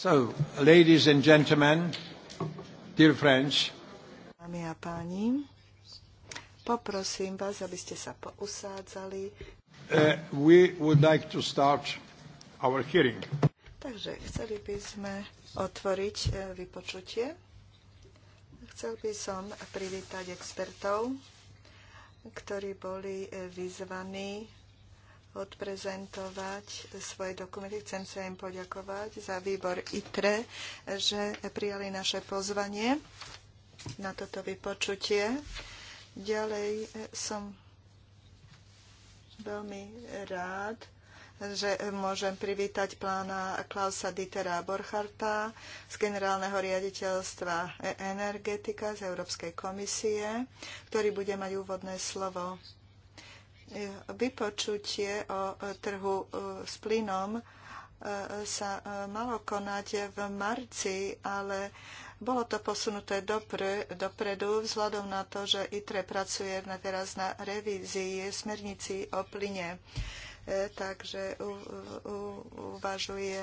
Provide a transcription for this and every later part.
So, ladies and gentlemen, dear friends. Dámy a páni, poprosím vás, aby ste sa pousádzali. Uh, we would like to start our hearing. Takže chceli by sme otvoriť uh, vypočutie. Chcel by som privítať expertov, ktorí boli uh, vyzvaní odprezentovať svoje dokumenty. Chcem sa im poďakovať za výbor ITRE, že prijali naše pozvanie na toto vypočutie. Ďalej e, som veľmi rád, že môžem privítať plána Klausa Dietera Borcharta z generálneho riaditeľstva energetika z Európskej komisie, ktorý bude mať úvodné slovo. Vypočutie o e, trhu e, s plynom e, sa malo konať v marci, ale bolo to posunuté dopr- dopredu vzhľadom na to, že ITRE pracuje na teraz na revízii smernici o plyne. Takže uvažuje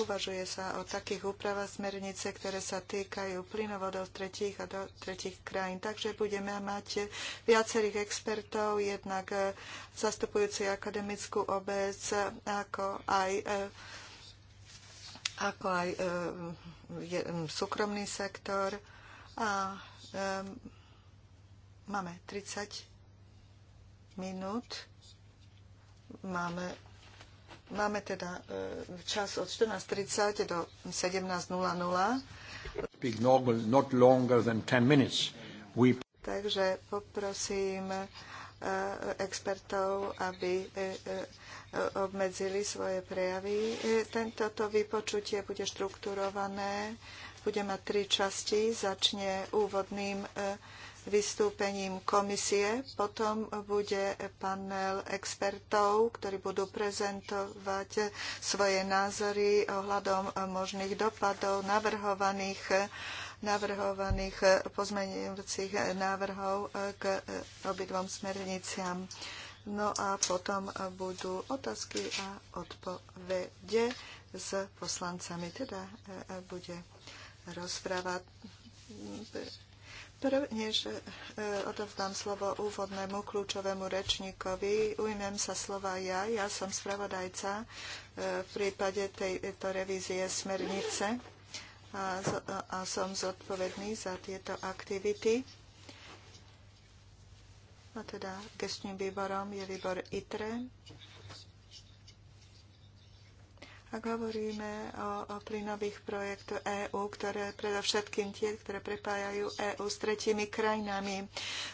uvažuje sa o takých úpravách smernice, ktoré sa týkajú plynovodov z tretích a do tretích krajín. Takže budeme mať viacerých expertov, jednak eh, zastupujúci akademickú obec, ako aj eh, ako aj eh, mm, súkromný sektor. A máme 30 minút. Máme Máme teda e, čas od 14.30 do 17.00. Takže poprosím e, expertov, aby e, obmedzili svoje prejavy. Tento vypočutie bude štrukturované, bude mať tri časti, začne úvodným vystúpením komisie. Potom bude panel expertov, ktorí budú prezentovať svoje názory ohľadom možných dopadov navrhovaných navrhovaných pozmeňujúcich návrhov k obidvom smerniciam. No a potom budú otázky a odpovede s poslancami. Teda e, e, bude rozpráva e, odovzdám slovo úvodnému kľúčovému rečníkovi, ujmem sa slova ja. Ja som spravodajca e, v prípade tejto revízie smernice a, a som zodpovedný za tieto aktivity. A teda gestným výborom je výbor ITRE ak hovoríme o, o plynových projektoch EÚ, ktoré predovšetkým tie, ktoré prepájajú EÚ s tretími krajinami,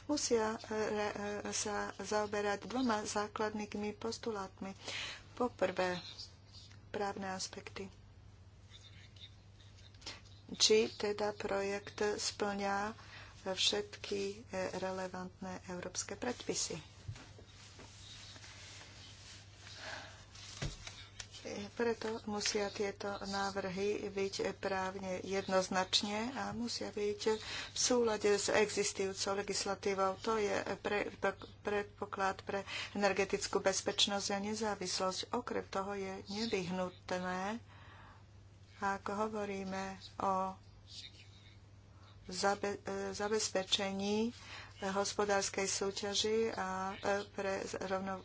musia e, e, sa zaoberať dvoma základnými postulátmi. Poprvé, právne aspekty. Či teda projekt splňa všetky e, relevantné európske predpisy. Preto musia tieto návrhy byť právne jednoznačne a musia byť v súlade s existujúcou legislatívou. To je predpoklad pre energetickú bezpečnosť a nezávislosť. Okrem toho je nevyhnutné, ak hovoríme o zabe, e, zabezpečení hospodárskej súťaži a e, pre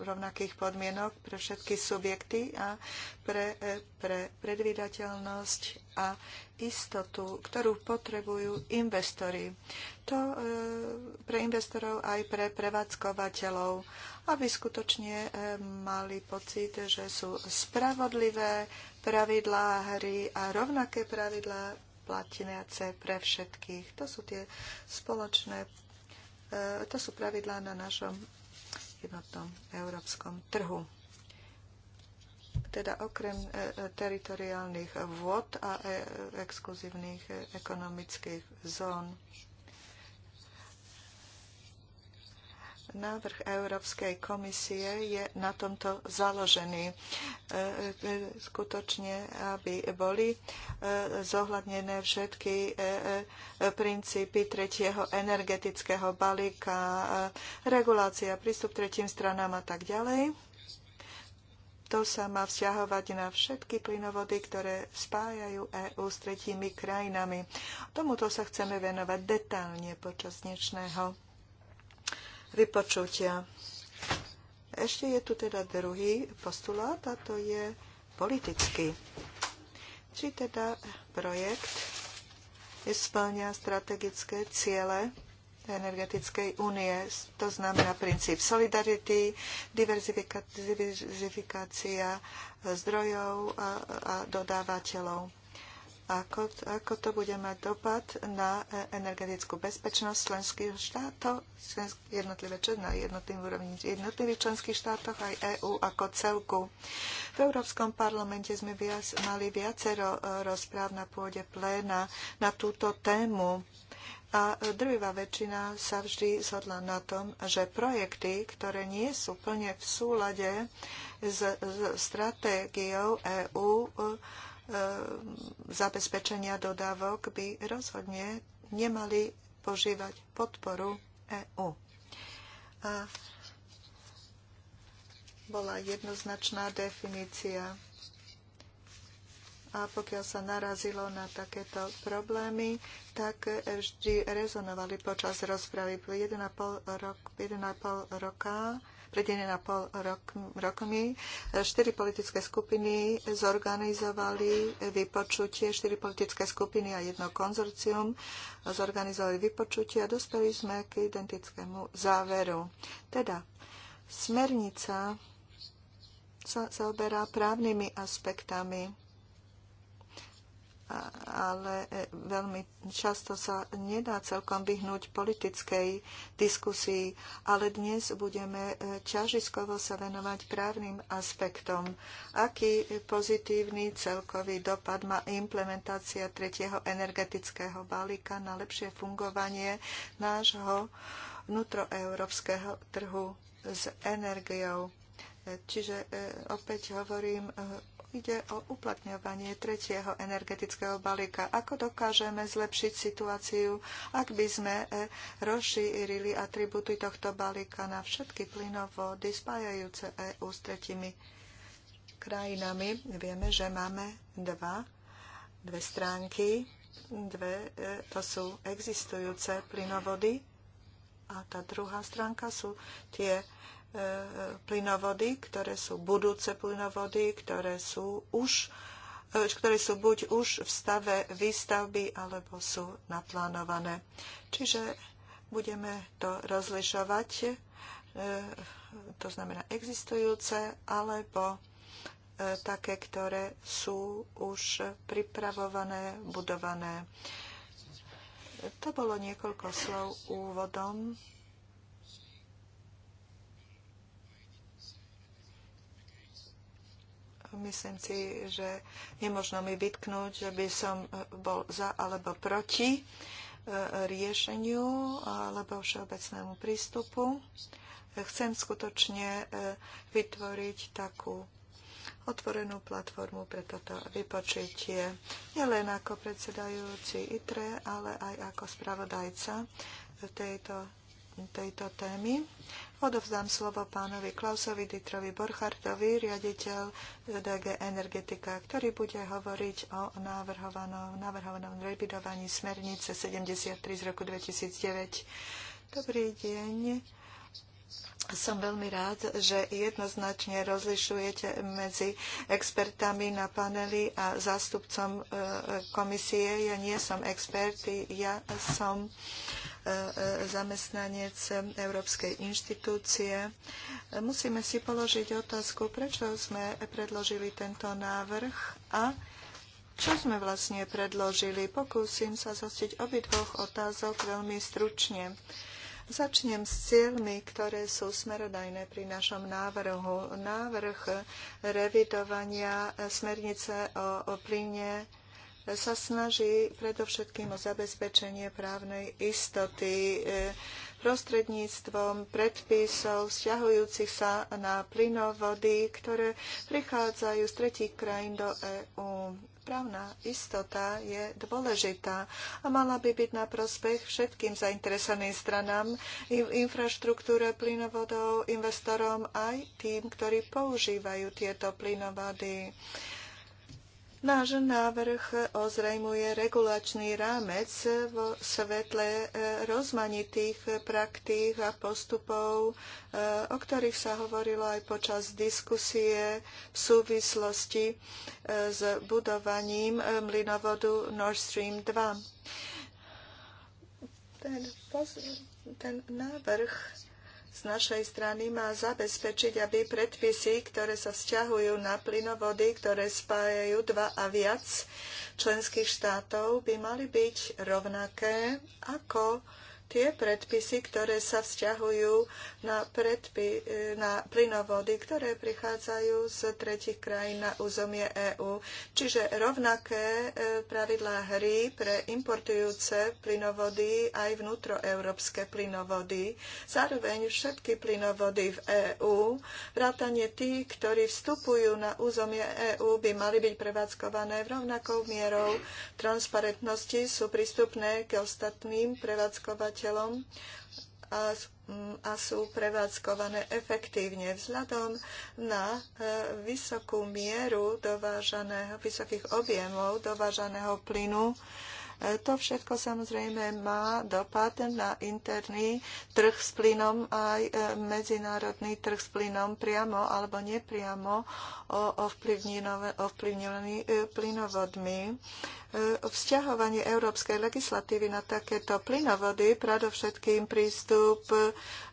rovnakých podmienok pre všetky subjekty a pre, e, pre predvídateľnosť a istotu, ktorú potrebujú investori. To e, pre investorov aj pre prevádzkovateľov, aby skutočne mali pocit, že sú spravodlivé pravidlá hry a rovnaké pravidlá platiniace pre všetkých. To sú tie spoločné E, to sú pravidlá na našom jednotnom európskom trhu. Teda okrem e, e, teritoriálnych vôd a exkluzívnych ekonomických zón Návrh Európskej komisie je na tomto založený. E, e, skutočne, aby boli e, zohľadnené všetky princípy tretieho energetického balíka, regulácia, prístup tretím stranám a tak ďalej. To sa má vzťahovať na všetky plynovody, ktoré spájajú EÚ s tretími krajinami. Tomuto sa chceme venovať detálne počas dnešného vypočutia. Ešte je tu teda druhý postulát a to je politický. Či teda projekt splňa strategické ciele energetickej únie. To znamená princíp solidarity, diverzifikácia zdrojov a, a dodávateľov ako, ako to bude mať dopad na e, energetickú bezpečnosť členských štátov, jednotlivé na jednotlivých úrovni, jednotlivých členských štátov aj EÚ ako celku. V Európskom parlamente sme viac, mali viacero e, rozpráv na pôde pléna na túto tému. A e, drvivá väčšina sa vždy zhodla na tom, že projekty, ktoré nie sú plne v súlade s, s stratégiou EÚ, E, zabezpečenia dodávok by rozhodne nemali požívať podporu EÚ. A bola jednoznačná definícia. A pokiaľ sa narazilo na takéto problémy, tak vždy rezonovali počas rozpravy. 1,5 rok, 1,5 roka pred 1,5 rok, rokmi. Štyri politické skupiny zorganizovali vypočutie, štyri politické skupiny a jedno konzorcium zorganizovali vypočutie a dospeli sme k identickému záveru. Teda, smernica sa zaoberá právnymi aspektami ale e, veľmi často sa nedá celkom vyhnúť politickej diskusii, ale dnes budeme e, ťažiskovo sa venovať právnym aspektom. Aký pozitívny celkový dopad má implementácia tretieho energetického balíka na lepšie fungovanie nášho vnútroeurópskeho trhu s energiou. E, čiže opäť hovorím ide o uplatňovanie tretieho energetického balíka. Ako dokážeme zlepšiť situáciu, ak by sme e, rozšírili atributy tohto balíka na všetky plynovody spájajúce EU s tretimi krajinami? Vieme, že máme dva, dve stránky. Dve, e, to sú existujúce plynovody a tá druhá stránka sú tie E, plynovody, ktoré sú budúce plynovody, ktoré sú už e, ktoré sú buď už v stave výstavby, alebo sú naplánované. Čiže budeme to rozlišovať, e, to znamená existujúce, alebo také, ktoré sú už pripravované, budované. To bolo niekoľko slov úvodom myslím si, že nemožno mi vytknúť, že by som e, bol za alebo proti e, riešeniu alebo všeobecnému prístupu. Chcem skutočne e, vytvoriť takú otvorenú platformu pre toto vypočutie. Nielen ako predsedajúci ITRE, ale aj ako spravodajca tejto, tejto témy. Odovzdám slovo pánovi Klausovi Ditrovi Borchardovi, riaditeľ DG Energetika, ktorý bude hovoriť o navrhovanom, navrhovanom revidovaní smernice 73 z roku 2009. Dobrý deň. Som veľmi rád, že jednoznačne rozlišujete medzi expertami na paneli a zástupcom e, komisie. Ja nie som expert, ja som uh, zamestnanec Európskej inštitúcie. Musíme si položiť otázku, prečo sme predložili tento návrh a čo sme vlastne predložili. Pokúsim sa zostiť obidvoch otázok veľmi stručne. Začnem s cieľmi, ktoré sú smerodajné pri našom návrhu. Návrh revidovania smernice o, o plyne sa snaží predovšetkým o zabezpečenie právnej istoty e, prostredníctvom predpisov vzťahujúcich sa na plynovody, ktoré prichádzajú z tretích krajín do EÚ. Právna istota je dôležitá a mala by byť na prospech všetkým zainteresovaným stranám, infraštruktúre plynovodov, investorom aj tým, ktorí používajú tieto plynovody. Náš návrh ozrejmuje regulačný rámec v svetle e, rozmanitých praktík a postupov, e, o ktorých sa hovorilo aj počas diskusie v súvislosti e, s budovaním mlynovodu Nord Stream 2. Ten, ten návrh z našej strany má zabezpečiť, aby predpisy, ktoré sa vzťahujú na plynovody, ktoré spájajú dva a viac členských štátov, by mali byť rovnaké ako tie predpisy, ktoré sa vzťahujú na, predpi, e, na plynovody, ktoré prichádzajú z tretich krajín na územie EÚ. Čiže rovnaké e, pravidlá hry pre importujúce plynovody aj vnútroeurópske plynovody. Zároveň všetky plynovody v EÚ, vrátanie tých, ktorí vstupujú na územie EÚ, by mali byť prevádzkované v rovnakou mierou transparentnosti, sú prístupné k ostatným prevádzkovateľom užívateľom a, a sú prevádzkované efektívne vzhľadom na e, vysokú mieru dovážaného, vysokých objemov dovážaného plynu. To všetko samozrejme má dopad na interný trh s plynom aj e, medzinárodný trh s plynom priamo alebo nepriamo ovplyvnený e, plynovodmi. E, vzťahovanie európskej legislatívy na takéto plynovody, predovšetkým prístup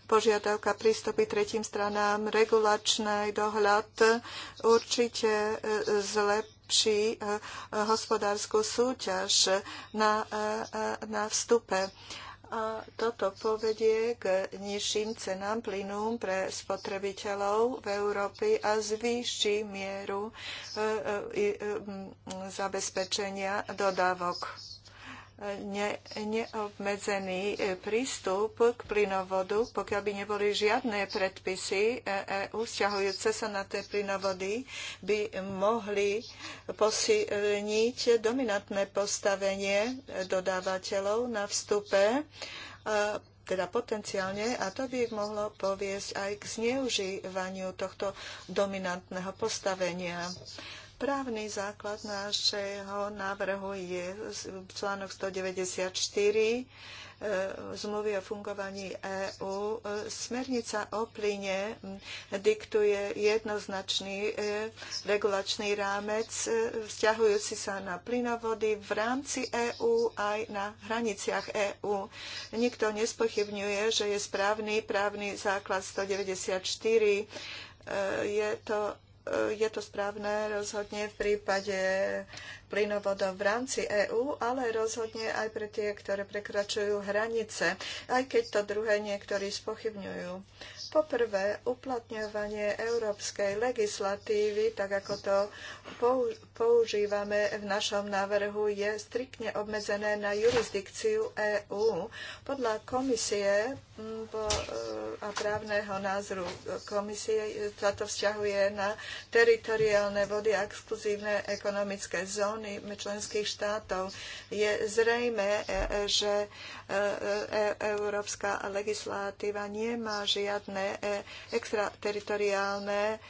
požiadavka prístupy tretím stranám, regulačný dohľad určite zlep lepší eh, eh, hospodárskú súťaž na, eh, na vstupe a toto povedie k nižším cenám plynu pre spotrebiteľov v Európe a zvýši mieru zabezpečenia dodávok ne, neobmedzený e, prístup k plynovodu, pokiaľ by neboli žiadne predpisy EU e, vzťahujúce sa na tie plynovody, by mohli posilniť dominantné postavenie dodávateľov na vstupe e, teda potenciálne, a to by mohlo poviesť aj k zneužívaniu tohto dominantného postavenia. Právny základ nášho návrhu je článok 194 e, zmluvy o fungovaní EÚ. E, smernica o plyne diktuje jednoznačný e, regulačný rámec vzťahujúci sa na plynovody v rámci EÚ aj na hraniciach EÚ. Nikto nespochybňuje, že je správny právny základ 194 je to je to správne rozhodne v prípade plynovodov v rámci EÚ, ale rozhodne aj pre tie, ktoré prekračujú hranice, aj keď to druhé niektorí spochybňujú. Poprvé, uplatňovanie európskej legislatívy, tak ako to používame v našom návrhu, je striktne obmedzené na jurisdikciu EÚ. Podľa komisie e, a právneho názoru komisie sa to vzťahuje na teritoriálne vody a exkluzívne ekonomické zóny zóny členských štátov. Je zrejme, e, že e, e, európska legislatíva nemá žiadne extrateritoriálne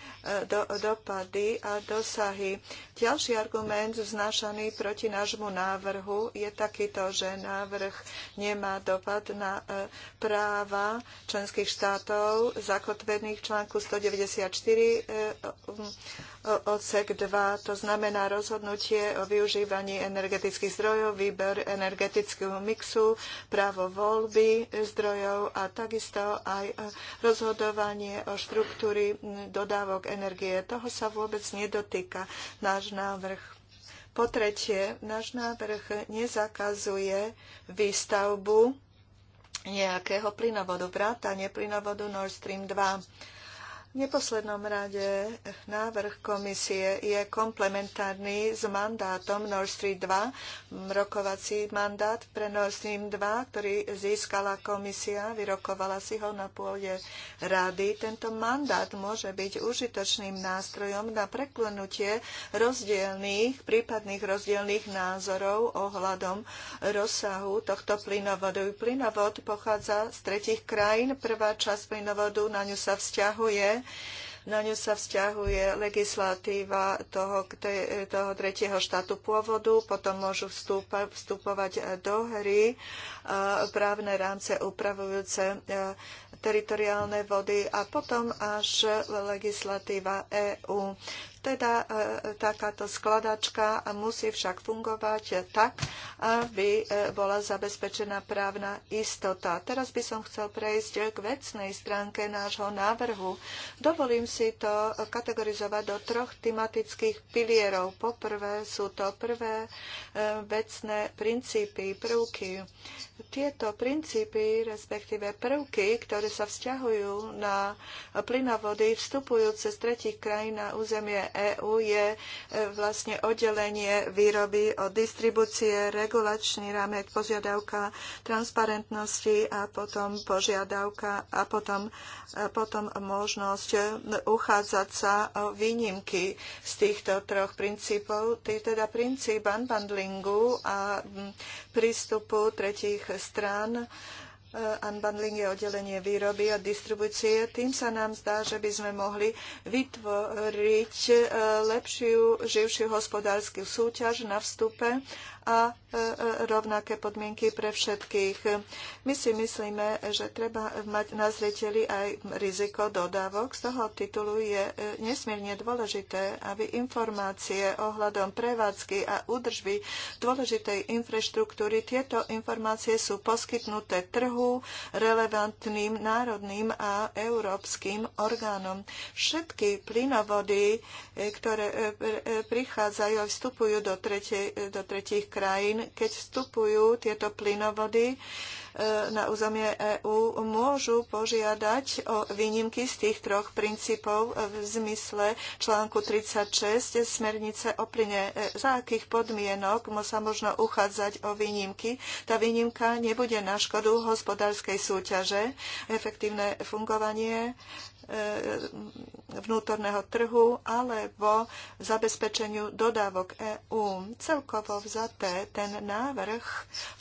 dopady a dosahy. Ďalší argument vznášaný proti nášmu návrhu je takýto, že návrh nemá dopad na práva členských štátov zakotvených v článku 194 odsek 2, to znamená rozhodnutie o využívaní energetických zdrojov, výber energetického mixu, právo voľby zdrojov a takisto aj e, rozhodovanie o štruktúry dodávok energie. Toho sa vôbec nedotýka náš návrh. Po tretie, náš návrh nezakazuje výstavbu nejakého plynovodu, vrátanie plynovodu Nord Stream 2 neposlednom rade návrh komisie je komplementárny s mandátom Nord Stream 2, rokovací mandát pre Nord Stream 2, ktorý získala komisia, vyrokovala si ho na pôde rady. Tento mandát môže byť užitočným nástrojom na preklonutie rozdielných, prípadných rozdielných názorov ohľadom rozsahu tohto plynovodu. Plynovod pochádza z tretich krajín. Prvá časť plynovodu, na ňu sa vzťahuje na ňu sa vzťahuje legislatíva toho, toho tretieho štátu pôvodu, potom môžu vstúpa, vstupovať do hry právne rámce upravujúce teritoriálne vody a potom až legislatíva EÚ. Teda e, takáto skladačka musí však fungovať tak, aby e, bola zabezpečená právna istota. Teraz by som chcel prejsť k vecnej stránke nášho návrhu. Dovolím si to kategorizovať do troch tematických pilierov. Poprvé sú to prvé e, vecné princípy, prvky. Tieto princípy, respektíve prvky, ktoré ktoré sa vzťahujú na plynovody vstupujúce z tretich krajín na územie EÚ, je e, vlastne oddelenie výroby od distribúcie, regulačný rámec, požiadavka transparentnosti a potom požiadavka a potom, e, potom možnosť uchádzať sa o výnimky z týchto troch princípov, teda princíp unbundlingu a prístupu tretích strán Eh, unbundling je oddelenie výroby a distribúcie. Tým sa nám zdá, že by sme mohli vytvoriť eh, lepšiu, živšiu hospodárskú súťaž na vstupe a e, e, rovnaké podmienky pre všetkých. My si myslíme, že treba mať na zreteli aj riziko dodávok. Z toho titulu je e, nesmierne dôležité, aby informácie ohľadom prevádzky a údržby dôležitej infraštruktúry tieto informácie sú poskytnuté trhu relevantným národným a európskym orgánom. Všetky plynovody, ktoré prichádzajú a vstupujú do, tretej, do tretich krajín, keď vstupujú tieto plynovody e, na územie EÚ, môžu požiadať o výnimky z tých troch princípov v zmysle článku 36 smernice o plyne. E, za akých podmienok sa možno uchádzať o výnimky? Tá výnimka nebude na škodu hospodárskej súťaže, efektívne fungovanie E, vnútorného trhu alebo zabezpečeniu dodávok EÚ. Celkovo vzaté ten návrh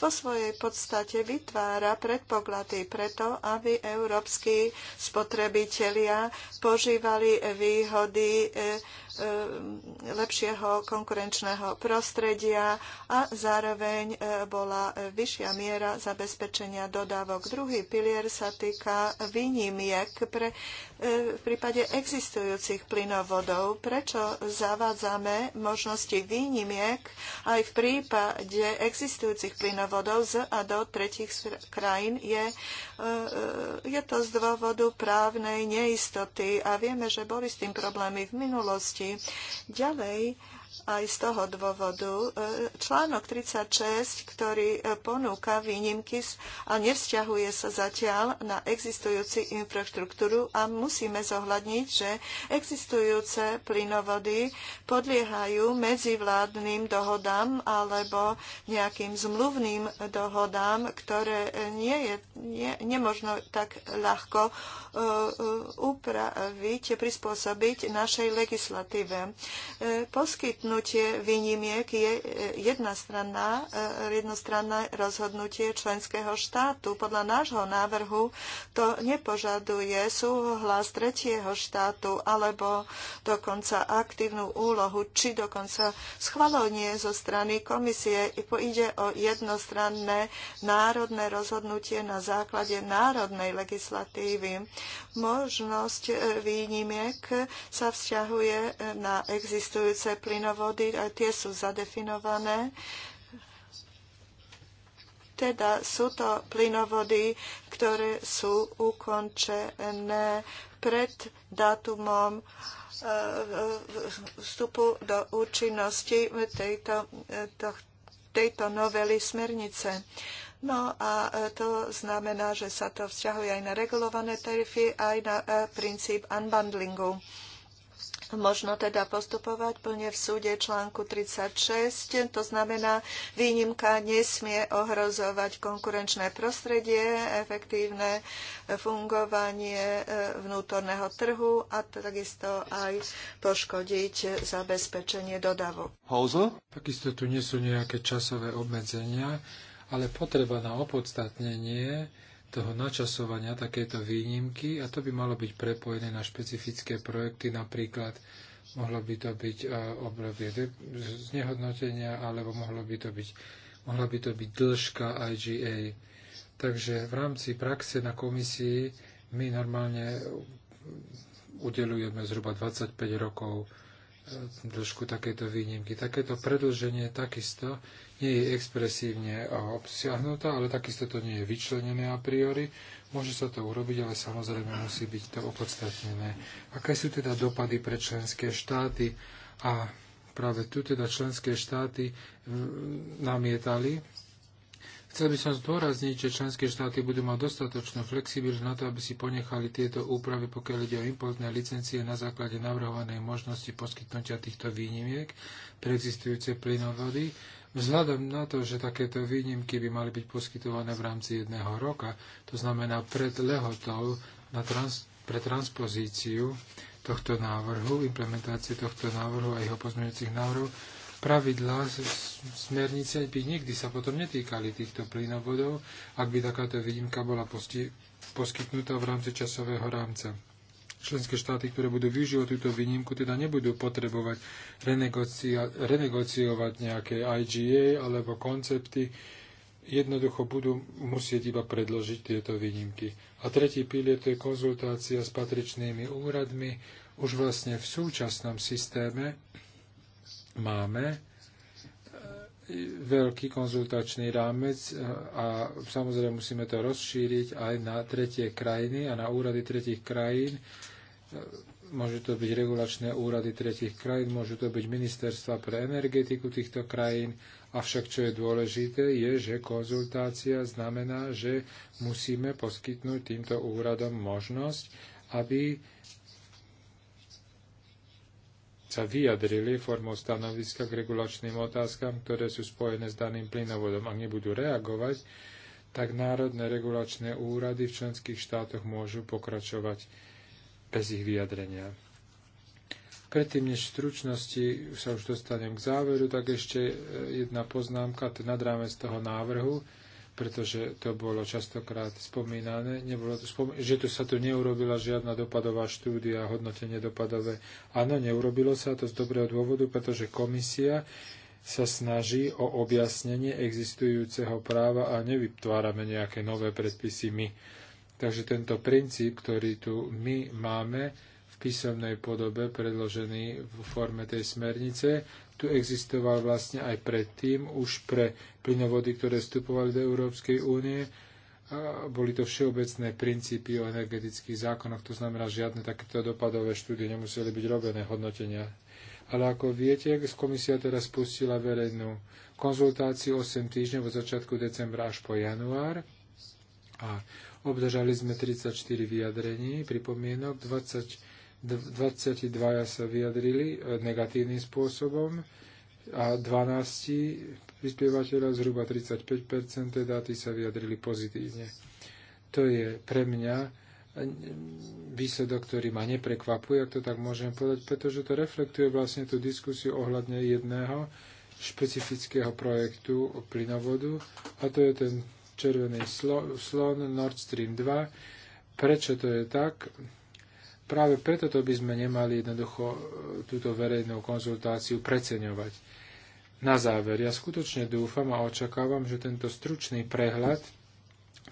vo svojej podstate vytvára predpoklady preto, aby európsky spotrebitelia požívali výhody e, E, lepšieho konkurenčného prostredia a zároveň e, bola vyššia miera zabezpečenia dodávok. Druhý pilier sa týka výnimiek pre, e, v prípade existujúcich plynovodov. Prečo zavádzame možnosti výnimiek aj v prípade existujúcich plynovodov z a do tretich krajín? Je, je to z dôvodu právnej neistoty a vieme, že boli s tým problémy v minulosti páči. Ďalej, aj z toho dôvodu e, článok 36, ktorý e, ponúka výnimky a nevzťahuje sa zatiaľ na existujúci infraštruktúru a musíme zohľadniť, že existujúce plynovody podliehajú medzivládnym dohodám alebo nejakým zmluvným dohodám, ktoré e, nie je nie, nemožno tak ľahko e, e, upraviť, prispôsobiť našej legislatíve. E, poskytnutie výnimiek je jednostranná, jednostranné rozhodnutie členského štátu. Podľa nášho návrhu to nepožaduje súhlas tretieho štátu alebo dokonca aktívnu úlohu či dokonca schvalovanie zo strany komisie. Ide o jednostranné národné rozhodnutie na základe základe národnej legislatívy. Možnosť e, výnimiek sa vzťahuje na existujúce plynovody, a tie sú zadefinované teda sú to plynovody, ktoré sú ukončené pred dátumom e, e, vstupu do účinnosti tejto, tejto novely smernice. No a e, to znamená, že sa to vzťahuje aj na regulované tarify, aj na e, princíp unbundlingu. Možno teda postupovať plne v súde článku 36, to znamená, výnimka nesmie ohrozovať konkurenčné prostredie, efektívne e, fungovanie vnútorného trhu a takisto aj poškodiť zabezpečenie dodavok. Takisto tu nie sú nejaké časové obmedzenia ale potreba na opodstatnenie toho načasovania takéto výnimky a to by malo byť prepojené na špecifické projekty, napríklad mohlo by to byť e, obdobie znehodnotenia alebo mohlo by to byť, mohla by to byť dĺžka IGA. Takže v rámci praxe na komisii my normálne udelujeme zhruba 25 rokov e, dĺžku takéto výnimky. Takéto predlženie takisto nie je expresívne obsiahnutá, ale takisto to nie je vyčlenené a priori. Môže sa to urobiť, ale samozrejme musí byť to opodstatnené. Aké sú teda dopady pre členské štáty? A práve tu teda členské štáty namietali. Chcel by som zdôrazniť, že členské štáty budú mať dostatočnú flexibilitu na to, aby si ponechali tieto úpravy, pokiaľ ide o importné licencie na základe navrhovanej možnosti poskytnutia týchto výnimiek pre existujúce plynovody Vzhľadom na to, že takéto výnimky by mali byť poskytované v rámci jedného roka, to znamená pred lehotou na trans- pre transpozíciu tohto návrhu, implementácie tohto návrhu a jeho pozmeňujúcich návrhov, pravidlá smernice by nikdy sa potom netýkali týchto plynovodov, ak by takáto výnimka bola poskytnutá v rámci časového rámca členské štáty, ktoré budú využívať túto výnimku, teda nebudú potrebovať renegocia- renegociovať nejaké IGA alebo koncepty, jednoducho budú musieť iba predložiť tieto výnimky. A tretí pilier to je konzultácia s patričnými úradmi. Už vlastne v súčasnom systéme máme e, veľký konzultačný rámec e, a samozrejme musíme to rozšíriť aj na tretie krajiny a na úrady tretich krajín, Môžu to byť regulačné úrady tretich krajín, môžu to byť ministerstva pre energetiku týchto krajín, avšak čo je dôležité, je, že konzultácia znamená, že musíme poskytnúť týmto úradom možnosť, aby sa vyjadrili formou stanoviska k regulačným otázkam, ktoré sú spojené s daným plynovodom. Ak nebudú reagovať, tak národné regulačné úrady v členských štátoch môžu pokračovať bez ich vyjadrenia. Predtým, než v stručnosti sa už dostanem k záveru, tak ešte e, jedna poznámka, to nad rámec toho návrhu, pretože to bolo častokrát spomínané, nebolo to spom- že tu sa tu neurobila žiadna dopadová štúdia, hodnotenie dopadové. Áno, neurobilo sa to z dobrého dôvodu, pretože komisia sa snaží o objasnenie existujúceho práva a nevytvárame nejaké nové predpisy my. Takže tento princíp, ktorý tu my máme v písomnej podobe predložený v forme tej smernice, tu existoval vlastne aj predtým, už pre plynovody, ktoré vstupovali do Európskej únie. boli to všeobecné princípy o energetických zákonoch, to znamená, žiadne takéto dopadové štúdie nemuseli byť robené hodnotenia. Ale ako viete, komisia teraz spustila verejnú konzultáciu 8 týždňov od začiatku decembra až po január. A Obdržali sme 34 vyjadrení, pripomienok, 20, 22 sa vyjadrili e, negatívnym spôsobom a 12 prispievateľov, zhruba 35 teda tí sa vyjadrili pozitívne. To je pre mňa e, výsledok, ktorý ma neprekvapuje, ak to tak môžem povedať, pretože to reflektuje vlastne tú diskusiu ohľadne jedného špecifického projektu plynovodu a to je ten červený slon, Nord Stream 2. Prečo to je tak? Práve preto to by sme nemali jednoducho e, túto verejnú konzultáciu preceňovať. Na záver, ja skutočne dúfam a očakávam, že tento stručný prehľad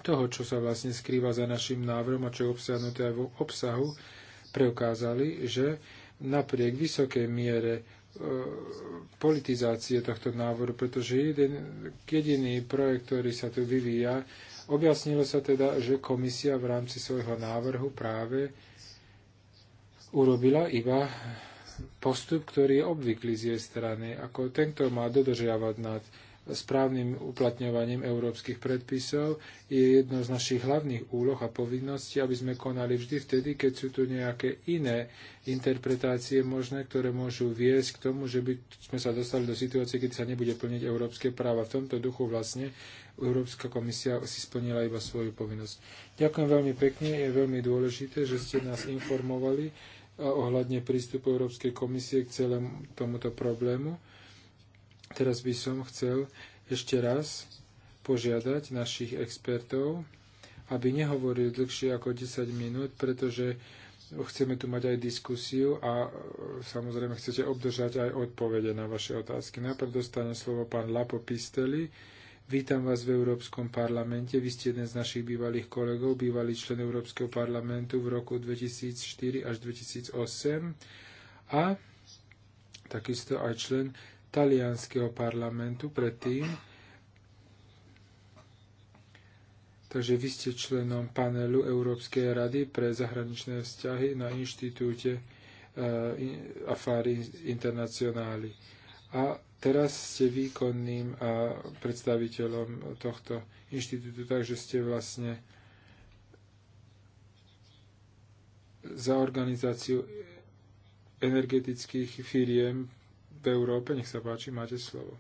toho, čo sa vlastne skrýva za našim návrhom a čo je obsiahnuté aj v obsahu, preukázali, že napriek vysokej miere E, politizácie tohto návoru, pretože jeden, jediný projekt, ktorý sa tu vyvíja, objasnilo sa teda, že komisia v rámci svojho návrhu práve urobila iba postup, ktorý je obvyklý z jej strany, ako ten, kto má dodržiavať nad správnym uplatňovaním európskych predpisov je jedno z našich hlavných úloh a povinností, aby sme konali vždy vtedy, keď sú tu nejaké iné interpretácie možné, ktoré môžu viesť k tomu, že by sme sa dostali do situácie, keď sa nebude plniť európske práva. V tomto duchu vlastne Európska komisia si splnila iba svoju povinnosť. Ďakujem veľmi pekne, je veľmi dôležité, že ste nás informovali eh, ohľadne prístupu Európskej komisie k celému tomuto problému Teraz by som chcel ešte raz požiadať našich expertov, aby nehovorili dlhšie ako 10 minút, pretože chceme tu mať aj diskusiu a e, samozrejme chcete obdržať aj odpovede na vaše otázky. Najprv dostane slovo pán Lapo Pisteli. Vítam vás v Európskom parlamente. Vy ste jeden z našich bývalých kolegov, bývalý člen Európskeho parlamentu v roku 2004 až 2008 a takisto aj člen talianského parlamentu predtým. Takže vy ste členom panelu Európskej rady pre zahraničné vzťahy na inštitúte e, Afári Internacionáli. A teraz ste výkonným predstaviteľom tohto inštitútu, takže ste vlastne za organizáciu energetických firiem v Európe. Nech sa páči, máte slovo.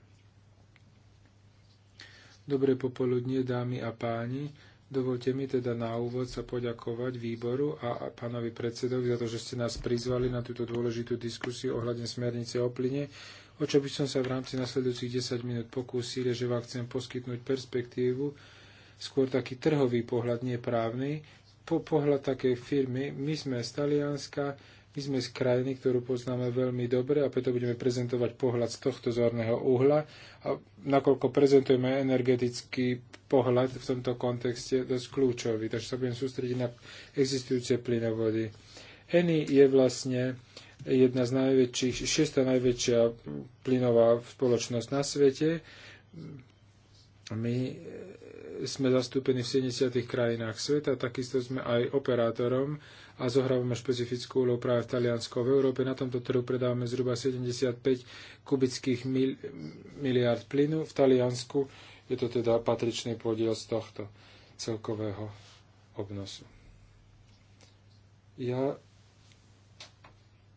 Dobré popoludnie, dámy a páni. Dovolte mi teda na úvod sa poďakovať výboru a pánovi predsedovi za to, že ste nás prizvali na túto dôležitú diskusiu ohľadne smernice o plyne, o čo by som sa v rámci nasledujúcich 10 minút pokúsil, že vám chcem poskytnúť perspektívu, skôr taký trhový pohľad, nie právny, po pohľad takej firmy. My sme z Talianska, my sme z krajiny, ktorú poznáme veľmi dobre a preto budeme prezentovať pohľad z tohto zorného uhla. A nakoľko prezentujeme energetický pohľad v tomto kontexte dosť kľúčový, takže sa budem sústrediť na existujúce plynovody. ENI je vlastne jedna z najväčších, šiesta najväčšia plynová spoločnosť na svete. My sme zastúpení v 70 krajinách sveta, takisto sme aj operátorom a zohrávame špecifickú úlohu práve v Taliansku. V Európe na tomto trhu predávame zhruba 75 kubických mil, miliard plynu. V Taliansku je to teda patričný podiel z tohto celkového obnosu. Ja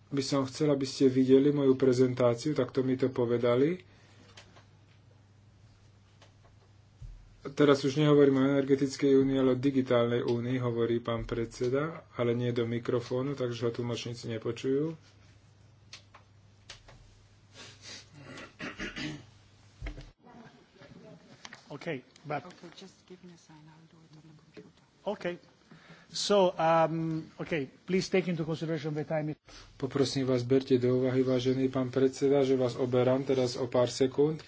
by som chcel, aby ste videli moju prezentáciu, tak to mi to povedali. Teraz už nehovorím o energetickej únii, ale o digitálnej únii, hovorí pán predseda, ale nie do mikrofónu, takže ho tlmočníci nepočujú. Okay, but... Okay, just give me a sign, Okay. So, um, okay, please take into consideration the time. Poprosím vás, berte do úvahy, vážený pán predseda, že vás oberám teraz o pár sekúnd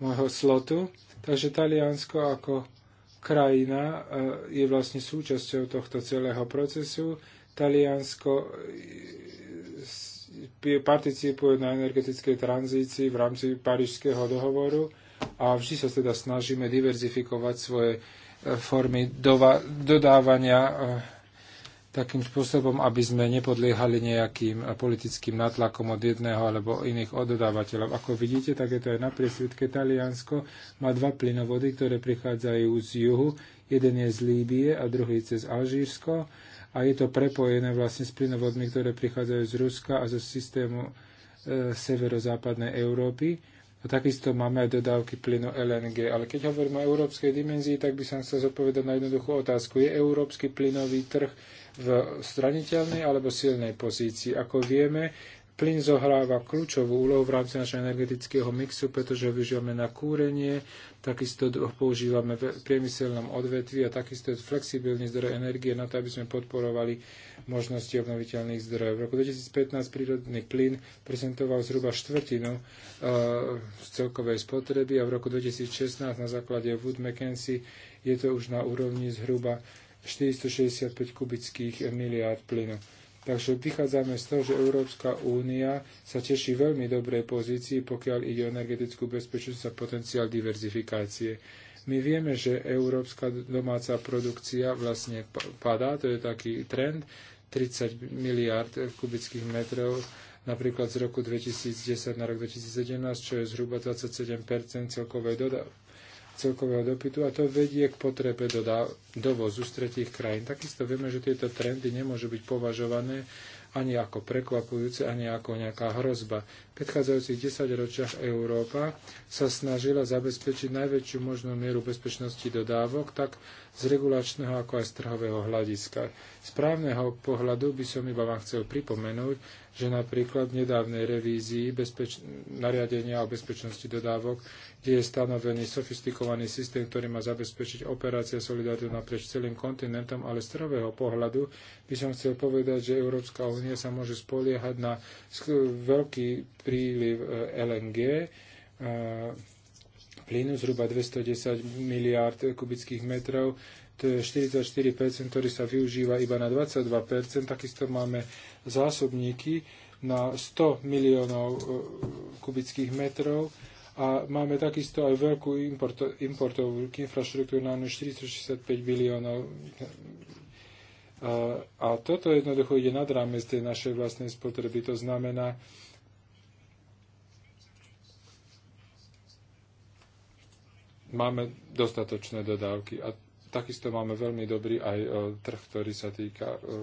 môjho slotu. Takže Taliansko ako krajina e, je vlastne súčasťou tohto celého procesu. Taliansko e, participuje na energetickej tranzícii v rámci Parížského dohovoru a vždy sa teda snažíme diverzifikovať svoje e, formy dodávania takým spôsobom, aby sme nepodliehali nejakým politickým natlakom od jedného alebo iných oddávateľov. Ako vidíte, tak je to aj na priesvitke. Taliansko má dva plynovody, ktoré prichádzajú z juhu. Jeden je z Líbie a druhý cez Alžírsko. A je to prepojené vlastne s plynovodmi, ktoré prichádzajú z Ruska a zo systému e, severozápadnej Európy. A takisto máme aj dodávky plynu LNG. Ale keď hovorím o európskej dimenzii, tak by som chcel zodpovedať na jednoduchú otázku. Je európsky plynový trh v straniteľnej alebo silnej pozícii. Ako vieme, plyn zohráva kľúčovú úlohu v rámci našho energetického mixu, pretože ho využívame na kúrenie, takisto ho používame v priemyselnom odvetvi a takisto je flexibilný zdroj energie na to, aby sme podporovali možnosti obnoviteľných zdrojov. V roku 2015 prírodný plyn prezentoval zhruba štvrtinu e, z celkovej spotreby a v roku 2016 na základe Wood Mackenzie je to už na úrovni zhruba 465 kubických miliárd plynu. Takže vychádzame z toho, že Európska únia sa teší veľmi dobrej pozícii, pokiaľ ide o energetickú bezpečnosť a potenciál diverzifikácie. My vieme, že európska domáca produkcia vlastne padá, to je taký trend, 30 miliard kubických metrov napríklad z roku 2010 na rok 2017, čo je zhruba 27 celkovej celkového dopytu a to vedie k potrebe dodá- dovozu z tretich krajín. Takisto vieme, že tieto trendy nemôžu byť považované ani ako prekvapujúce, ani ako nejaká hrozba. V predchádzajúcich 10 ročiach Európa sa snažila zabezpečiť najväčšiu možnú mieru bezpečnosti dodávok, tak z regulačného ako aj z trhového hľadiska. Z právneho pohľadu by som iba vám chcel pripomenúť, že napríklad v nedávnej revízii bezpeč- nariadenia o bezpečnosti dodávok, kde je stanovený sofistikovaný systém, ktorý má zabezpečiť operácia solidaritu naprieč celým kontinentom, ale z trhového pohľadu by som chcel povedať, že Európska únia sa môže spoliehať na veľký príliv eh, LNG, eh, plynu, zhruba 210 miliárd kubických metrov, to je 44%, ktorý sa využíva iba na 22%, takisto máme zásobníky na 100 miliónov e, kubických metrov a máme takisto aj veľkú importovú infraštruktúru na 465 miliónov. E, a toto jednoducho ide nad rámec tej našej vlastnej spotreby. To znamená, máme dostatočné dodávky a takisto máme veľmi dobrý aj e, trh, ktorý sa týka, e,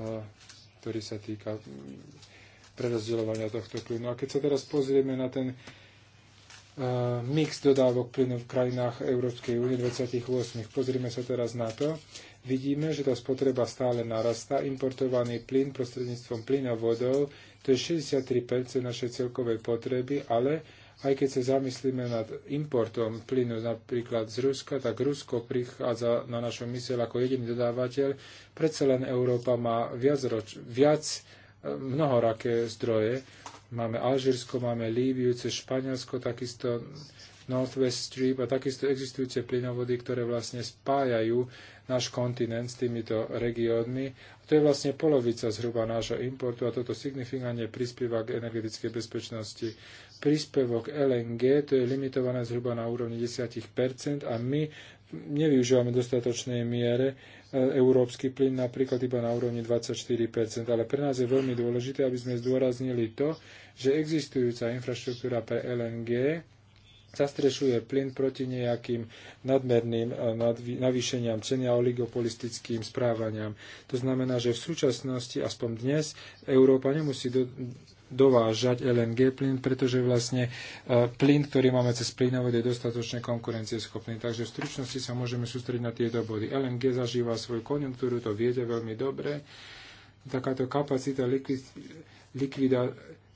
e, ktorý sa týka prerozdeľovania tohto plynu. A keď sa teraz pozrieme na ten mix dodávok plynu v krajinách Európskej únie 28. pozrieme sa teraz na to. Vidíme, že tá spotreba stále narastá. Importovaný plyn prostredníctvom vodov, to je 63% našej celkovej potreby, ale aj keď sa zamyslíme nad importom plynu napríklad z Ruska, tak Rusko prichádza na našu myseľ ako jediný dodávateľ. Predsa len Európa má viac, roč, viac e, mnohoraké zdroje. Máme Alžírsko, máme Líbiu, cez Španielsko, takisto Northwest Street a takisto existujúce plynovody, ktoré vlastne spájajú náš kontinent s týmito regiónmi. To je vlastne polovica zhruba nášho importu a toto signifikantne prispieva k energetickej bezpečnosti. Príspevok LNG to je limitované zhruba na úrovni 10 a my nevyužívame v dostatočnej miere e, európsky plyn napríklad iba na úrovni 24 ale pre nás je veľmi dôležité, aby sme zdôraznili to, že existujúca infraštruktúra pre LNG zastrešuje plyn proti nejakým nadmerným eh, navýšeniam ceny a oligopolistickým správaniam. To znamená, že v súčasnosti, aspoň dnes, Európa nemusí do, dovážať LNG plyn, pretože vlastne eh, plyn, ktorý máme cez plynovod, je dostatočne konkurencieschopný. Takže v stručnosti sa môžeme sústrediť na tieto body. LNG zažíva svoju konjunktúru, to viete veľmi dobre. Takáto kapacita likvid, likvida,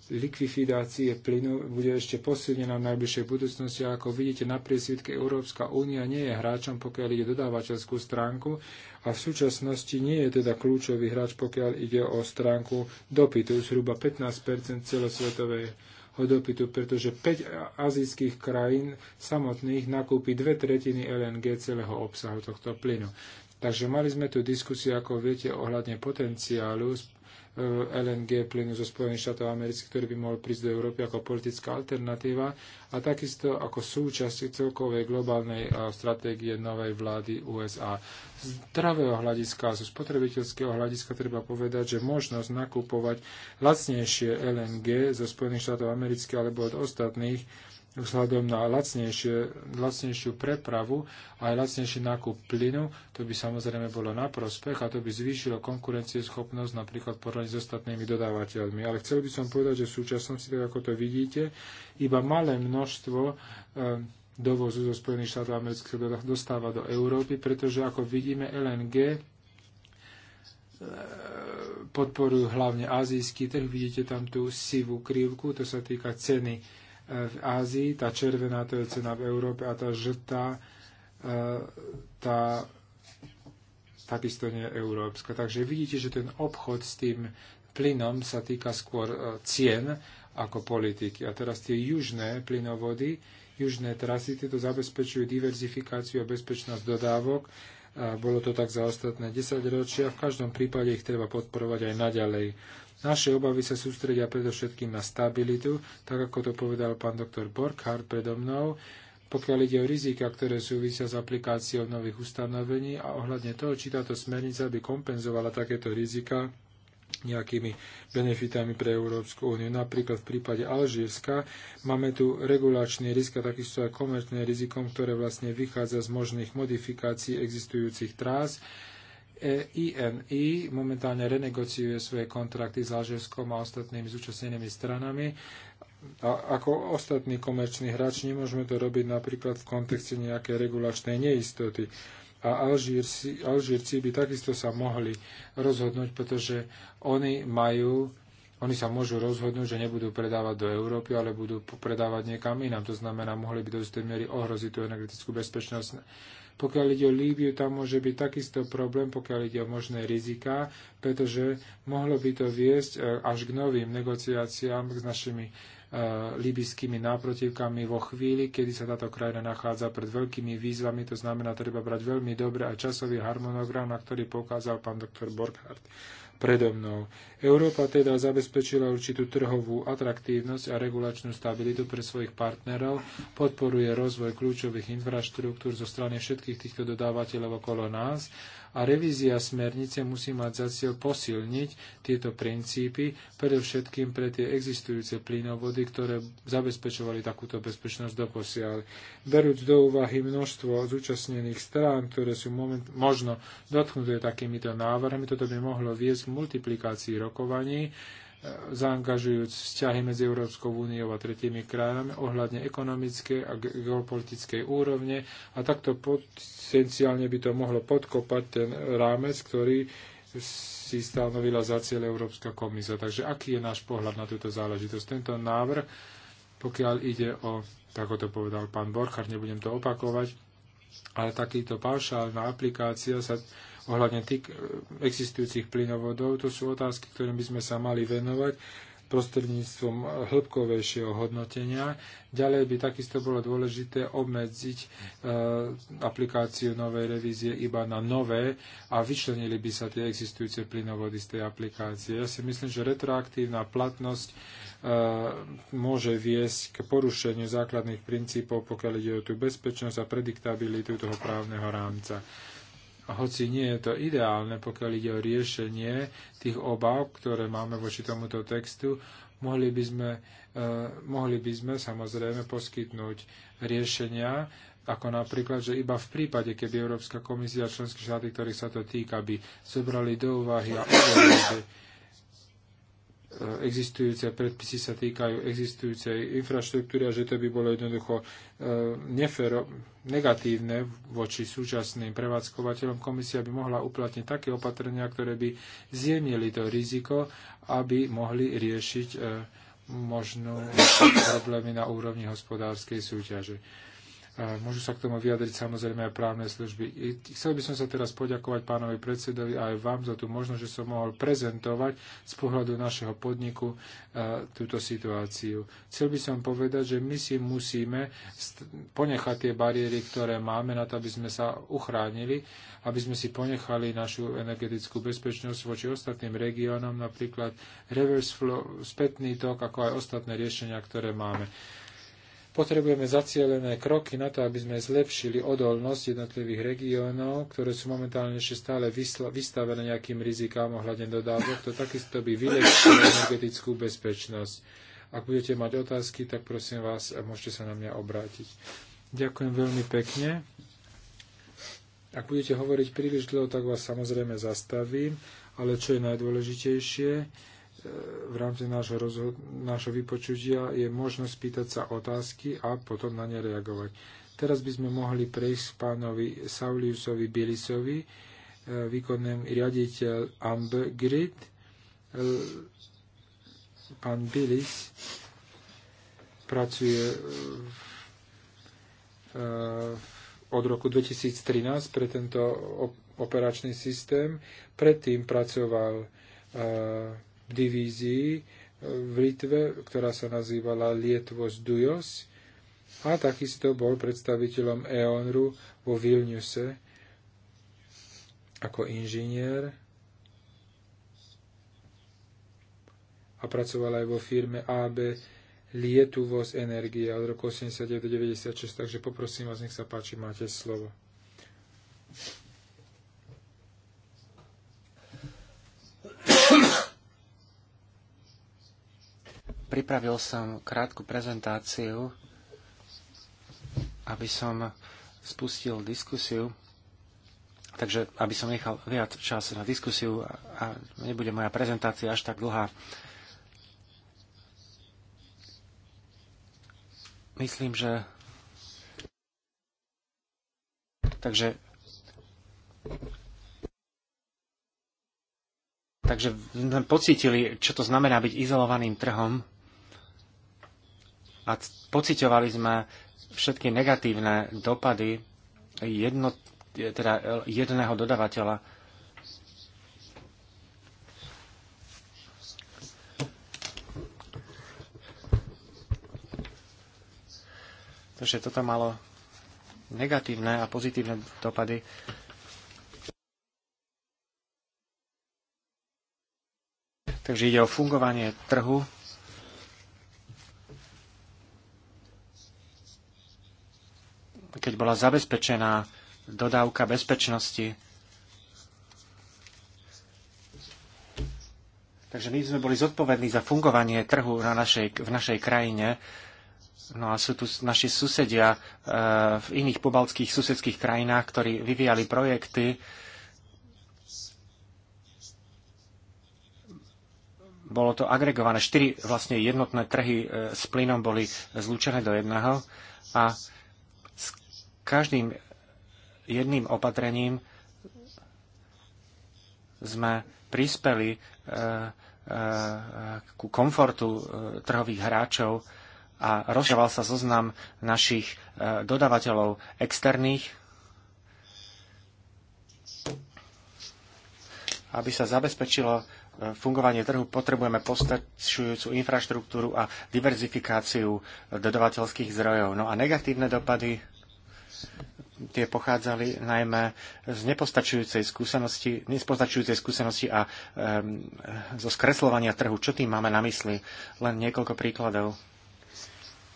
likvifidácie plynu bude ešte posilnená v najbližšej budúcnosti. A ako vidíte na priesvitke, Európska únia nie je hráčom, pokiaľ ide dodávateľskú stránku a v súčasnosti nie je teda kľúčový hráč, pokiaľ ide o stránku dopytu, zhruba 15 celosvetového dopytu, pretože 5 azijských krajín samotných nakúpi dve tretiny LNG celého obsahu tohto plynu. Takže mali sme tu diskusiu, ako viete, ohľadne potenciálu Eh, LNG plynu zo Spojených štátov amerických, ktorý by mohol prísť do Európy ako politická alternatíva a takisto ako súčasť celkovej globálnej eh, stratégie novej vlády USA. Z zdravého hľadiska a zo spotrebiteľského hľadiska treba povedať, že možnosť nakupovať lacnejšie LNG zo Spojených štátov amerických alebo od ostatných vzhľadom na lacnejšiu prepravu a aj lacnejší nákup plynu, to by samozrejme bolo na prospech a to by zvýšilo konkurencieschopnosť napríklad porovnaní s ostatnými dodávateľmi. Ale chcel by som povedať, že v súčasnosti, tak ako to vidíte, iba malé množstvo eh, dovozu zo Spojených štátov amerických dostáva do Európy, pretože ako vidíme LNG eh, podporujú hlavne azijský trh. Vidíte tam tú sivú krivku, to sa týka ceny v Ázii, tá červená to je cena v Európe a tá žltá e, tá takisto nie je európska. Takže vidíte, že ten obchod s tým plynom sa týka skôr e, cien ako politiky. A teraz tie južné plynovody, južné trasy, tieto zabezpečujú diverzifikáciu a bezpečnosť dodávok a bolo to tak za ostatné 10 ročia. V každom prípade ich treba podporovať aj naďalej. Naše obavy sa sústredia predovšetkým na stabilitu, tak ako to povedal pán doktor Borkhardt predo mnou, pokiaľ ide o rizika, ktoré súvisia s aplikáciou nových ustanovení a ohľadne toho, či táto smernica by kompenzovala takéto rizika nejakými benefitami pre Európsku úniu. Napríklad v prípade Alžírska máme tu regulačný risk a takisto aj komerčné rizikom, ktoré vlastne vychádza z možných modifikácií existujúcich trás. E, INI momentálne renegociuje svoje kontrakty s Alžírskom a ostatnými zúčastnenými stranami. A ako ostatní komerční hráč nemôžeme to robiť napríklad v kontexte nejakej regulačnej neistoty a Alžírci, Alžírci by takisto sa mohli rozhodnúť, pretože oni majú oni sa môžu rozhodnúť, že nebudú predávať do Európy, ale budú predávať niekam inám. To znamená, mohli by do istej miery ohroziť tú energetickú bezpečnosť. Pokiaľ ide o Líbiu, tam môže byť takisto problém, pokiaľ ide o možné riziká, pretože mohlo by to viesť e, až k novým negociáciám s našimi Eh, libyskými náprotivkami vo chvíli, kedy sa táto krajina nachádza pred veľkými výzvami. To znamená, treba brať veľmi dobre a časový harmonogram, na ktorý poukázal pán doktor Borghardt predo mnou. Európa teda zabezpečila určitú trhovú atraktívnosť a regulačnú stabilitu pre svojich partnerov, podporuje rozvoj kľúčových infraštruktúr zo strany všetkých týchto dodávateľov okolo nás a revízia smernice musí mať za cieľ posilniť tieto princípy, predovšetkým pre tie existujúce plynovody, ktoré zabezpečovali takúto bezpečnosť doposiaľ. Berúc do úvahy množstvo zúčastnených strán, ktoré sú moment, možno dotknuté takýmito návrhmi, toto by mohlo viesť k multiplikácii rokovaní, zaangažujúc vzťahy medzi Európskou úniou a tretími krajami ohľadne ekonomickej a geopolitickej úrovne a takto potenciálne by to mohlo podkopať ten rámec, ktorý si stanovila za cieľ Európska komisia. Takže aký je náš pohľad na túto záležitosť? Tento návrh, pokiaľ ide o, tak to povedal pán Borchard, nebudem to opakovať, ale takýto paušálna aplikácia sa ohľadne tých e, existujúcich plynovodov. To sú otázky, ktorým by sme sa mali venovať prostredníctvom e, hĺbkovejšieho hodnotenia. Ďalej by takisto bolo dôležité obmedziť e, aplikáciu novej revízie iba na nové a vyčlenili by sa tie existujúce plynovody z tej aplikácie. Ja si myslím, že retroaktívna platnosť e, môže viesť k porušeniu základných princípov, pokiaľ ide o tú bezpečnosť a prediktabilitu toho právneho rámca hoci nie je to ideálne, pokiaľ ide o riešenie tých obav, ktoré máme voči tomuto textu, mohli by sme, eh, mohli by sme samozrejme poskytnúť riešenia, ako napríklad, že iba v prípade, keby Európska komisia a členské štáty, ktorých sa to týka, by zobrali do úvahy a uvedli E, existujúce predpisy sa týkajú existujúcej infraštruktúry a že to by bolo jednoducho e, nefero, negatívne voči súčasným prevádzkovateľom. Komisia by mohla uplatniť také opatrenia, ktoré by zjemnili to riziko, aby mohli riešiť e, možno problémy na úrovni hospodárskej súťaže. Môžu sa k tomu vyjadriť samozrejme aj právne služby. Chcel by som sa teraz poďakovať pánovi predsedovi a aj vám za tú možnosť, že som mohol prezentovať z pohľadu našeho podniku e, túto situáciu. Chcel by som povedať, že my si musíme ponechať tie bariéry, ktoré máme na to, aby sme sa uchránili, aby sme si ponechali našu energetickú bezpečnosť voči ostatným regiónom, napríklad reverse flow, spätný tok, ako aj ostatné riešenia, ktoré máme. Potrebujeme zacielené kroky na to, aby sme zlepšili odolnosť jednotlivých regiónov, ktoré sú momentálne ešte stále vystavené nejakým rizikám ohľadne dodávok. To takisto by vylepšilo energetickú bezpečnosť. Ak budete mať otázky, tak prosím vás, môžete sa na mňa obrátiť. Ďakujem veľmi pekne. Ak budete hovoriť príliš dlho, tak vás samozrejme zastavím, ale čo je najdôležitejšie, v rámci nášho, rozhod- nášho vypočutia je možnosť pýtať sa otázky a potom na ne reagovať. Teraz by sme mohli prejsť pánovi Sauliusovi Bilisovi, e, výkonnému riaditeľ Amber Grid. E, pán Bilis pracuje e, od roku 2013 pre tento operačný systém. Predtým pracoval divízii e, v Litve, ktorá sa nazývala Lietvos Dujos a takisto bol predstaviteľom EONRu vo Vilniuse ako inžinier a pracoval aj vo firme AB Lietuvos Energia od roku 89 96, takže poprosím vás, nech sa páči, máte slovo. Pripravil som krátku prezentáciu, aby som spustil diskusiu, takže aby som nechal viac času na diskusiu a nebude moja prezentácia až tak dlhá. Myslím, že... Takže... Takže sme pocítili, čo to znamená byť izolovaným trhom a pocitovali sme všetky negatívne dopady jedno, teda jedného dodavateľa. Takže toto malo negatívne a pozitívne dopady. Takže ide o fungovanie trhu keď bola zabezpečená dodávka bezpečnosti. Takže my sme boli zodpovední za fungovanie trhu na našej, v našej krajine. No a sú tu naši susedia e, v iných pobaltských susedských krajinách, ktorí vyvíjali projekty. Bolo to agregované. Štyri vlastne jednotné trhy e, s plynom boli zlúčené do jedného. A e, každým jedným opatrením sme prispeli e, e, ku komfortu e, trhových hráčov a rozširoval sa zoznam našich dodavateľov externých, aby sa zabezpečilo fungovanie trhu, potrebujeme postačujúcu infraštruktúru a diverzifikáciu dodavateľských zdrojov. No a negatívne dopady tie pochádzali najmä z nepostačujúcej skúsenosti, nepostačujúcej skúsenosti a um, zo skreslovania trhu. Čo tým máme na mysli? Len niekoľko príkladov.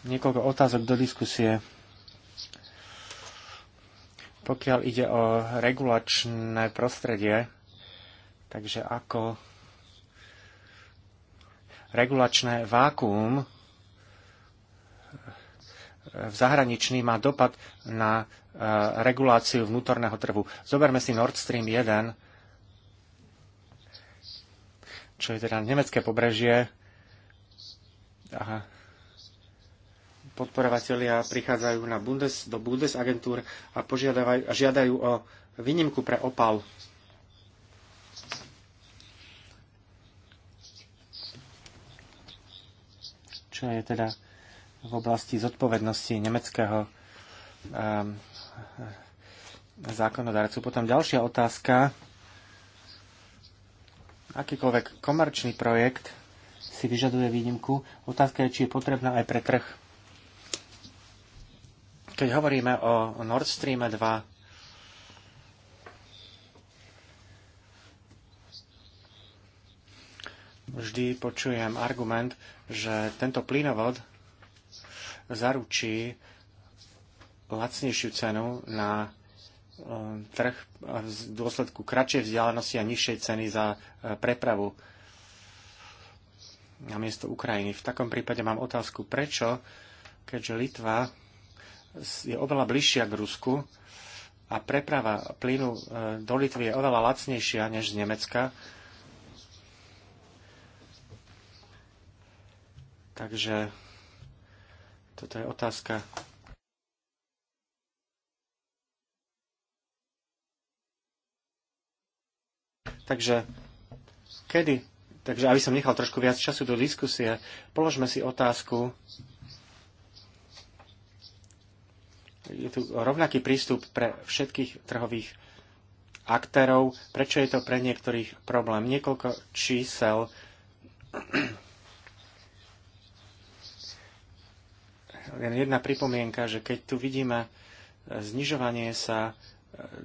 Niekoľko otázok do diskusie. Pokiaľ ide o regulačné prostredie, takže ako regulačné vákuum v zahraničí má dopad na e, reguláciu vnútorného trhu. Zoberme si Nord Stream 1, čo je teda nemecké pobrežie. Aha. Podporovatelia prichádzajú na Bundes, do Bundesagentúr a, a žiadajú o výnimku pre opal. Čo je teda v oblasti zodpovednosti nemeckého ehm, zákonodarcu. Potom ďalšia otázka. Akýkoľvek komerčný projekt si vyžaduje výnimku. Otázka je, či je potrebná aj pre trh. Keď hovoríme o Nord Stream 2, vždy počujem argument, že tento plynovod zaručí lacnejšiu cenu na eh, trh v dôsledku kratšej vzdialenosti a nižšej ceny za eh, prepravu na miesto Ukrajiny. V takom prípade mám otázku, prečo, keďže Litva je oveľa bližšia k Rusku a preprava plynu eh, do Litvy je oveľa lacnejšia než z Nemecka, Takže toto je otázka. Takže, kedy? Takže, aby som nechal trošku viac času do diskusie, položme si otázku. Je tu rovnaký prístup pre všetkých trhových aktérov. Prečo je to pre niektorých problém? Niekoľko čísel len jedna pripomienka, že keď tu vidíme e, znižovanie sa e,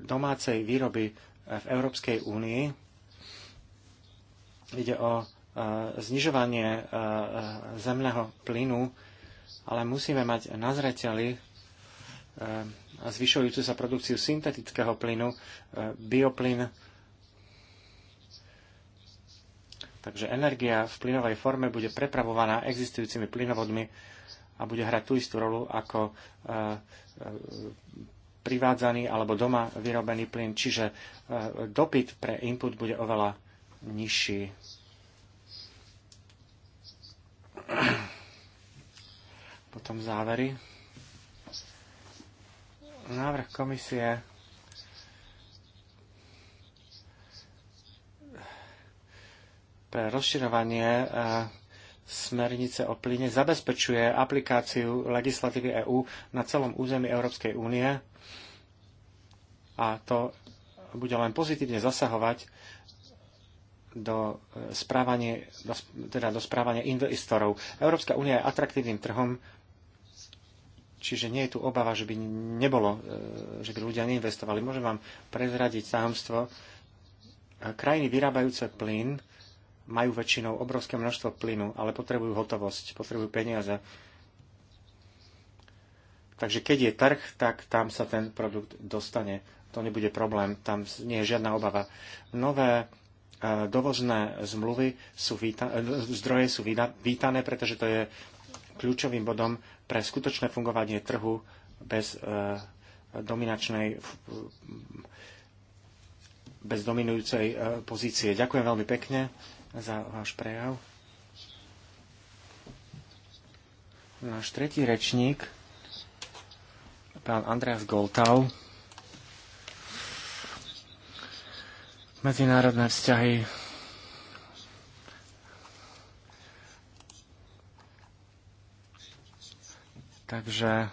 domácej výroby e, v Európskej únii, ide o znižovanie zemného plynu, ale musíme mať na zreteli zvyšujúcu sa produkciu syntetického plynu, bioplyn. Takže energia v plynovej forme bude prepravovaná existujúcimi plynovodmi a bude hrať tú istú rolu ako e, e, privádzaný alebo doma vyrobený plyn, čiže e, dopyt pre input bude oveľa nižší. Potom závery. Návrh komisie pre rozširovanie Smernice o plyne zabezpečuje aplikáciu legislatívy EÚ na celom území Európskej únie a to bude len pozitívne zasahovať do e, správania, do, teda do správania investorov. Európska únia je atraktívnym trhom, čiže nie je tu obava, že by nebolo, e, že by ľudia neinvestovali. Môžem vám prezradiť tajomstvo. E, krajiny vyrábajúce plyn majú väčšinou obrovské množstvo plynu, ale potrebujú hotovosť, potrebujú peniaze. Takže keď je trh, tak tam sa ten produkt dostane. To nebude problém, tam nie je žiadna obava. Nové e, dovozné zmluvy sú víta- e, zdroje sú vítané, pretože to je kľúčovým bodom pre skutočné fungovanie trhu bez e, dominačnej bez dominujúcej pozície. Ďakujem veľmi pekne za váš prejav. Náš tretí rečník, pán Andreas Goltau, medzinárodné vzťahy, Takže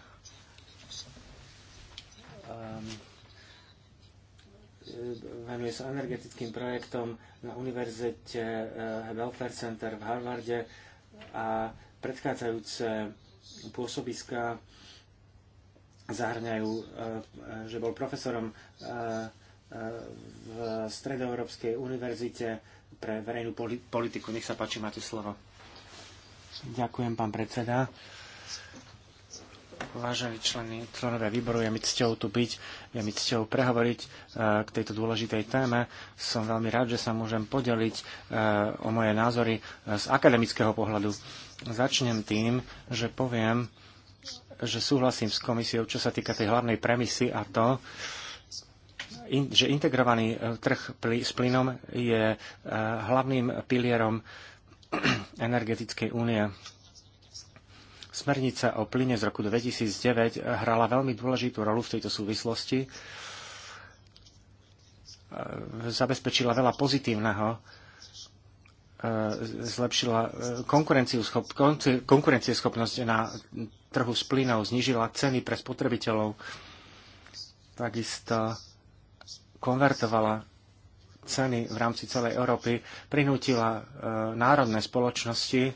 s energetickým projektom na Univerzite eh, Welfare Center v Harvarde a predchádzajúce pôsobiska zahrňajú, eh, že bol profesorom eh, v Stredoeurópskej univerzite pre verejnú politiku. Nech sa páči, máte slovo. Ďakujem, pán predseda. Vážení členy, členovia výboru, je mi cťou tu byť, je mi cťou prehovoriť e, k tejto dôležitej téme. Som veľmi rád, že sa môžem podeliť e, o moje názory e, z akademického pohľadu. Začnem tým, že poviem, že súhlasím s komisiou, čo sa týka tej hlavnej premisy a to, že integrovaný trh s plynom je hlavným pilierom energetickej únie Smernica o plyne z roku 2009 hrala veľmi dôležitú rolu v tejto súvislosti. E, zabezpečila veľa pozitívneho, e, zlepšila e, konkurencieschopnosť na trhu s plynou, znižila ceny pre spotrebiteľov, takisto konvertovala ceny v rámci celej Európy, prinútila národné spoločnosti,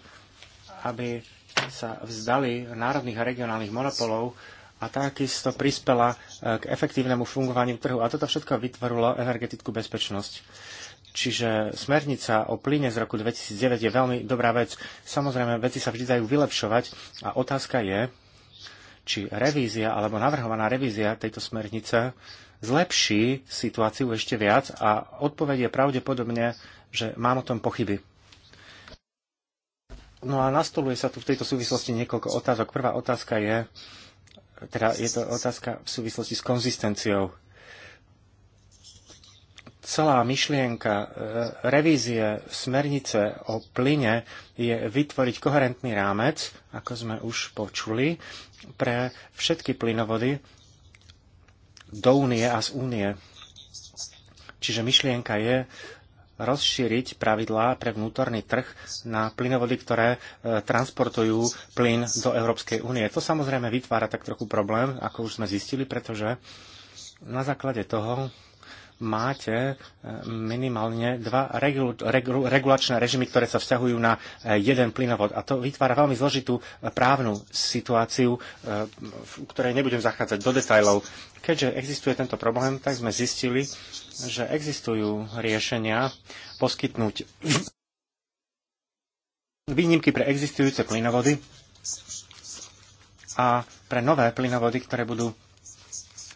aby sa vzdali národných a regionálnych monopolov a takisto prispela e, k efektívnemu fungovaniu trhu. A toto všetko vytvorilo energetickú bezpečnosť. Čiže smernica o plyne z roku 2009 je veľmi dobrá vec. Samozrejme, veci sa vždy dajú vylepšovať a otázka je, či revízia alebo navrhovaná revízia tejto smernice zlepší situáciu ešte viac a odpoveď je pravdepodobne, že mám o tom pochyby. No a nastoluje sa tu v tejto súvislosti niekoľko otázok. Prvá otázka je, teda je to otázka v súvislosti s konzistenciou. Celá myšlienka e, revízie smernice o plyne je vytvoriť koherentný rámec, ako sme už počuli, pre všetky plynovody do únie a z únie. Čiže myšlienka je rozšíriť pravidlá pre vnútorný trh na plynovody, ktoré e, transportujú plyn do Európskej únie. To samozrejme vytvára tak trochu problém, ako už sme zistili, pretože na základe toho máte eh, minimálne dva regul- regul- regulačné režimy, ktoré sa vzťahujú na eh, jeden plynovod. A to vytvára veľmi zložitú eh, právnu situáciu, v ktorej nebudem zachádzať do detajlov. Keďže existuje tento problém, tak sme zistili, že existujú riešenia poskytnúť výnimky pre existujúce plynovody a pre nové plynovody, ktoré budú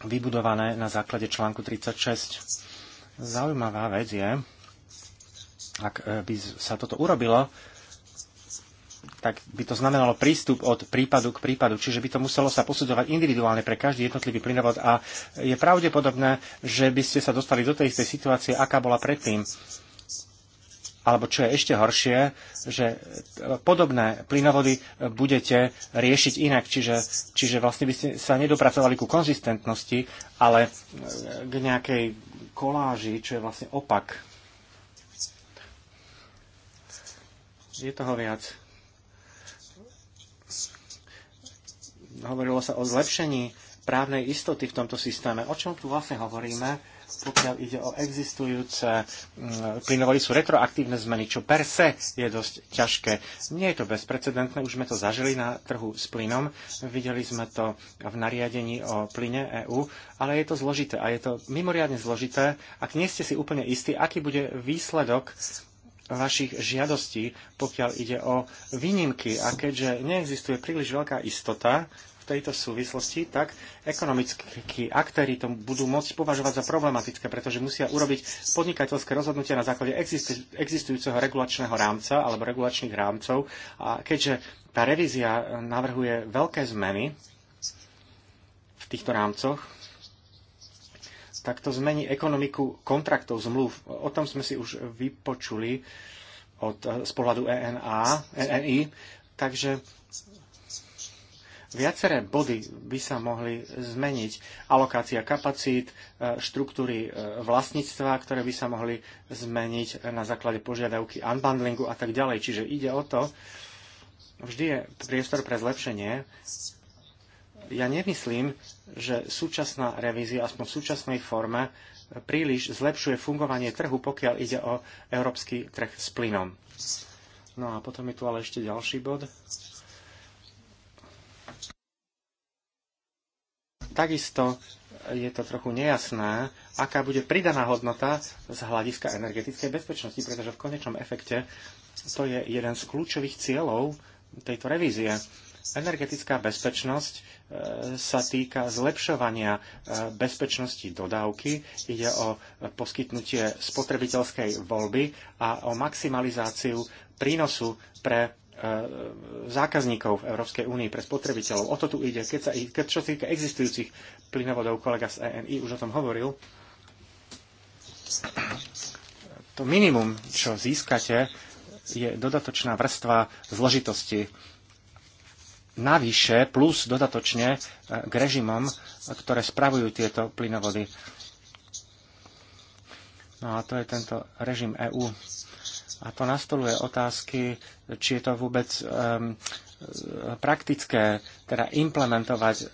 vybudované na základe článku 36. Zaujímavá vec je, ak e, by sa toto urobilo, tak by to znamenalo prístup od prípadu k prípadu, čiže by to muselo sa posudzovať individuálne pre každý jednotlivý plynovod a je pravdepodobné, že by ste sa dostali do tej istej situácie, aká bola predtým alebo čo je ešte horšie, že podobné plynovody budete riešiť inak, čiže, čiže vlastne by ste sa nedopracovali ku konzistentnosti, ale k nejakej koláži, čo je vlastne opak. Je toho viac. Hovorilo sa o zlepšení právnej istoty v tomto systéme. O čom tu vlastne hovoríme? pokiaľ ide o existujúce mm, plynovody, sú retroaktívne zmeny, čo per se je dosť ťažké. Nie je to bezprecedentné, už sme to zažili na trhu s plynom, videli sme to v nariadení o plyne EÚ, ale je to zložité a je to mimoriadne zložité, ak nie ste si úplne istí, aký bude výsledok vašich žiadostí, pokiaľ ide o výnimky. A keďže neexistuje príliš veľká istota, v tejto súvislosti, tak ekonomickí aktéry to budú môcť považovať za problematické, pretože musia urobiť podnikateľské rozhodnutia na základe existujúceho regulačného rámca alebo regulačných rámcov. A keďže tá revízia navrhuje veľké zmeny v týchto rámcoch, tak to zmení ekonomiku kontraktov, zmluv. O tom sme si už vypočuli od, z pohľadu ENA, ENI. Takže Viaceré body by sa mohli zmeniť. Alokácia kapacít, e, štruktúry e, vlastníctva, ktoré by sa mohli zmeniť na základe požiadavky unbundlingu a tak ďalej. Čiže ide o to, vždy je priestor pre zlepšenie. Ja nemyslím, že súčasná revízia, aspoň v súčasnej forme, príliš zlepšuje fungovanie trhu, pokiaľ ide o európsky trh s plynom. No a potom je tu ale ešte ďalší bod Takisto je to trochu nejasné, aká bude pridaná hodnota z hľadiska energetickej bezpečnosti, pretože v konečnom efekte to je jeden z kľúčových cieľov tejto revízie. Energetická bezpečnosť e, sa týka zlepšovania e, bezpečnosti dodávky, ide o poskytnutie spotrebiteľskej voľby a o maximalizáciu prínosu pre E, zákazníkov v Európskej únii, pre spotrebiteľov. O to tu ide. Keď sa, keď, čo sa týka existujúcich plynovodov, kolega z ENI už o tom hovoril, to minimum, čo získate, je dodatočná vrstva zložitosti. Navyše, plus dodatočne e, k režimom, ktoré spravujú tieto plynovody. No a to je tento režim EÚ. A to nastoluje otázky, či je to vôbec um, praktické, teda implementovať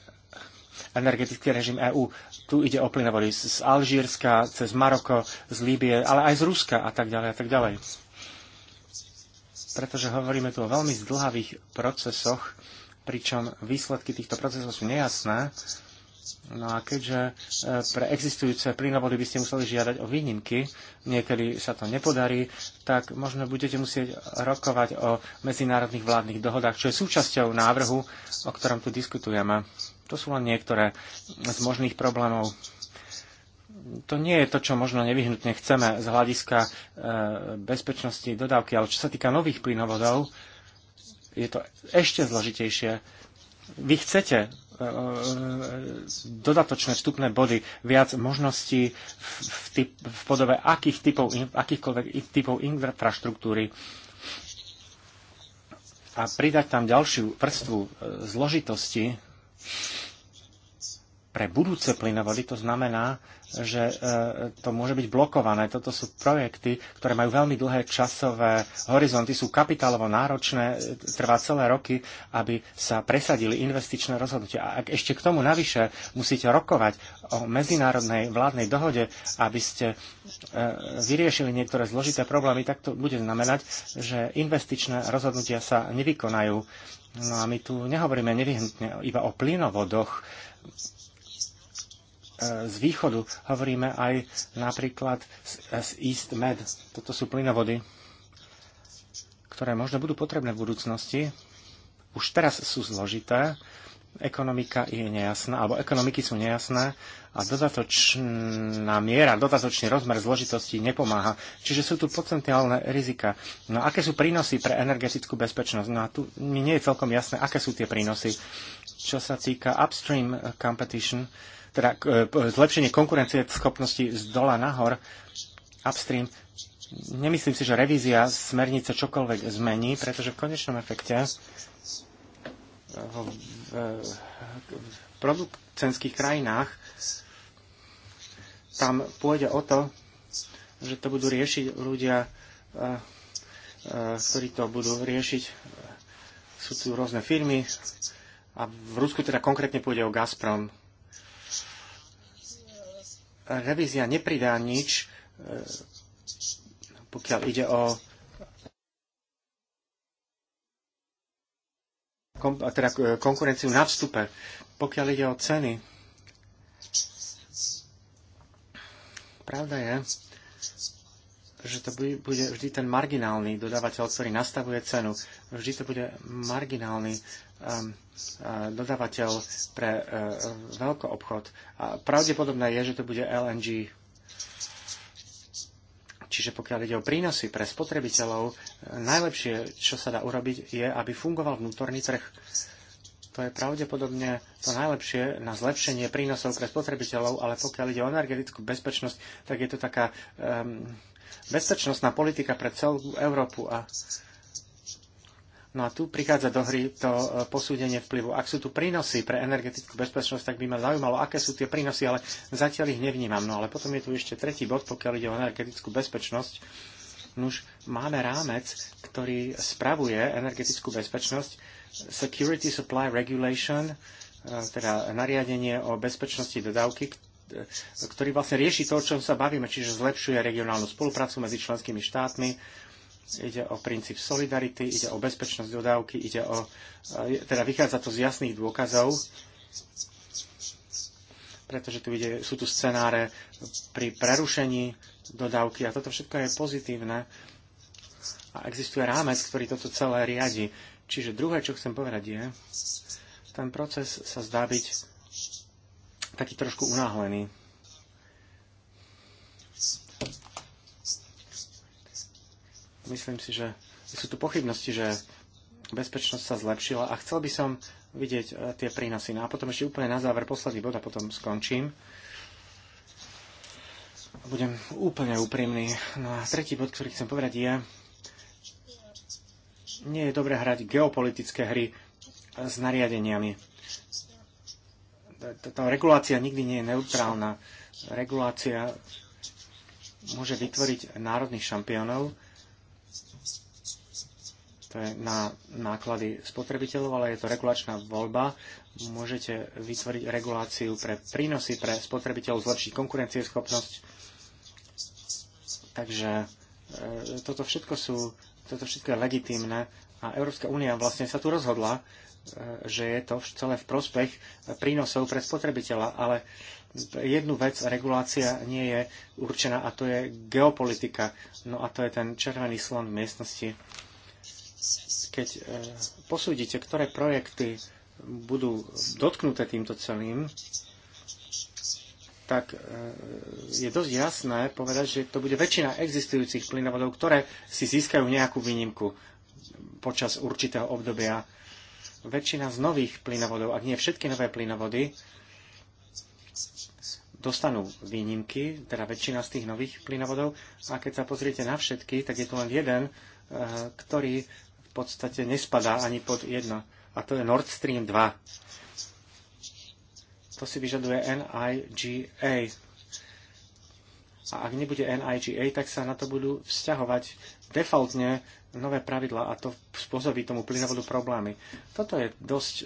energetický režim EÚ. Tu ide o plynovody z Alžírska, cez Maroko, z Líbie, ale aj z Ruska a tak ďalej a tak ďalej. Pretože hovoríme tu o veľmi zdlhavých procesoch, pričom výsledky týchto procesov sú nejasné No a keďže e, pre existujúce plynovody by ste museli žiadať o výnimky, niekedy sa to nepodarí, tak možno budete musieť rokovať o medzinárodných vládnych dohodách, čo je súčasťou návrhu, o ktorom tu diskutujeme. To sú len niektoré z možných problémov. To nie je to, čo možno nevyhnutne chceme z hľadiska e, bezpečnosti dodávky, ale čo sa týka nových plynovodov, je to ešte zložitejšie. Vy chcete E, e, dodatočné vstupné body, viac možností v, typ, v podobe akých typov, akýchkoľvek typov infraštruktúry a pridať tam ďalšiu vrstvu e, zložitosti, pre budúce plynovody, to znamená, že e, to môže byť blokované. Toto sú projekty, ktoré majú veľmi dlhé časové horizonty, sú kapitálovo náročné, e, trvá celé roky, aby sa presadili investičné rozhodnutia. A ak ešte k tomu navyše musíte rokovať o medzinárodnej vládnej dohode, aby ste e, vyriešili niektoré zložité problémy, tak to bude znamenať, že investičné rozhodnutia sa nevykonajú. No a my tu nehovoríme nevyhnutne iba o plynovodoch, E, z východu. Hovoríme aj napríklad e, z East Med. Toto sú plynovody, ktoré možno budú potrebné v budúcnosti. Už teraz sú zložité, ekonomika je nejasná, alebo ekonomiky sú nejasné a dodatočná miera, dodatočný rozmer zložitosti nepomáha. Čiže sú tu potenciálne rizika. No aké sú prínosy pre energetickú bezpečnosť? No a tu mi nie je celkom jasné, aké sú tie prínosy. Čo sa týka upstream competition, uh, teda e, zlepšenie konkurencie schopnosti z dola nahor, upstream, nemyslím si, že revízia smernice čokoľvek zmení, pretože v konečnom efekte e, v, producentských krajinách tam pôjde o to, že to budú riešiť ľudia, e, ktorí to budú riešiť. Sú tu rôzne firmy a v Rusku teda konkrétne pôjde o Gazprom revízia nepridá nič, e, pokiaľ ide o teda e, konkurenciu na vstupe, pokiaľ ide o ceny. Pravda je, že to bude vždy ten marginálny dodávateľ, ktorý nastavuje cenu. Vždy to bude marginálny um, uh, dodávateľ pre uh, veľkoobchod. A pravdepodobné je, že to bude LNG. Čiže pokiaľ ide o prínosy pre spotrebiteľov, uh, najlepšie, čo sa dá urobiť, je, aby fungoval vnútorný trh. To je pravdepodobne to najlepšie na zlepšenie prínosov pre spotrebiteľov, ale pokiaľ ide o energetickú bezpečnosť, tak je to taká um, bezpečnostná politika pre celú Európu a No a tu prichádza do hry to e, posúdenie vplyvu. Ak sú tu prínosy pre energetickú bezpečnosť, tak by ma zaujímalo, aké sú tie prínosy, ale zatiaľ ich nevnímam. No ale potom je tu ešte tretí bod, pokiaľ ide o energetickú bezpečnosť. Nuž máme rámec, ktorý spravuje energetickú bezpečnosť, Security Supply Regulation, e, teda nariadenie o bezpečnosti dodávky, ktorý vlastne rieši to, o čom sa bavíme, čiže zlepšuje regionálnu spoluprácu medzi členskými štátmi, ide o princíp solidarity, ide o bezpečnosť dodávky, ide o, e, teda vychádza to z jasných dôkazov, pretože tu ide, sú tu scenáre pri prerušení dodávky a toto všetko je pozitívne a existuje rámec, ktorý toto celé riadi. Čiže druhé, čo chcem povedať je, ten proces sa zdá byť taký trošku unáhlený. Myslím si, že sú tu pochybnosti, že bezpečnosť sa zlepšila a chcel by som vidieť e, tie prínosy. No a potom ešte úplne na záver posledný bod a potom skončím. Budem úplne úprimný. No a tretí bod, ktorý chcem povedať je, nie je dobré hrať geopolitické hry s nariadeniami tá regulácia nikdy nie je neutrálna. Regulácia môže vytvoriť národných šampiónov, to je na náklady spotrebiteľov, ale je to regulačná voľba. Môžete vytvoriť reguláciu pre prínosy pre spotrebiteľov, zlepšiť konkurencieschopnosť. Takže e, toto všetko sú toto všetko je legitímne a Európska únia vlastne sa tu rozhodla, E, že je to celé v prospech prínosov pre spotrebiteľa, ale jednu vec regulácia nie je určená a to je geopolitika. No a to je ten červený slon v miestnosti. Keď e, posúdite, ktoré projekty budú dotknuté týmto celým, tak e, je dosť jasné povedať, že to bude väčšina existujúcich plynovodov, ktoré si získajú nejakú výnimku počas určitého obdobia väčšina z nových plynovodov, ak nie všetky nové plynovody, dostanú výnimky, teda väčšina z tých nových plynovodov. A keď sa pozriete na všetky, tak je tu len jeden, eh, ktorý v podstate nespadá ani pod jedno. A to je Nord Stream 2. To si vyžaduje NIGA, a ak nebude NIGA, tak sa na to budú vzťahovať defaultne nové pravidla a to spôsobí tomu plynovodu problémy. Toto je dosť e,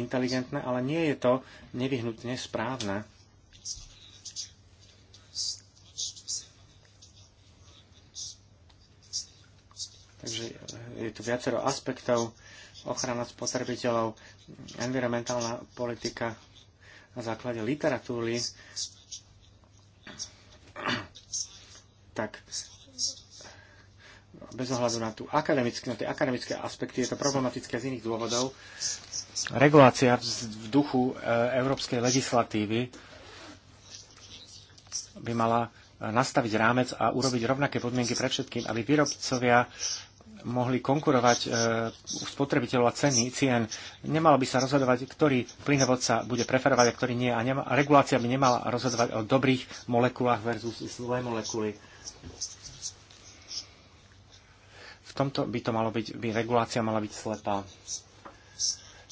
inteligentné, ale nie je to nevyhnutne správne. Takže e, je tu viacero aspektov. Ochrana spotrebiteľov, environmentálna politika na základe literatúry tak bez ohľadu na, tú akademické, na tie akademické aspekty je to problematické z iných dôvodov. Regulácia v, v duchu e, európskej legislatívy by mala e, nastaviť rámec a urobiť rovnaké podmienky pre všetkým, aby výrobcovia mohli konkurovať e, spotrebiteľov a ceny, cien. Nemalo by sa rozhodovať, ktorý plynovod sa bude preferovať a ktorý nie. A, nema, a regulácia by nemala rozhodovať o dobrých molekulách versus zlé molekuly v tomto by to malo byť, by regulácia mala byť slepá.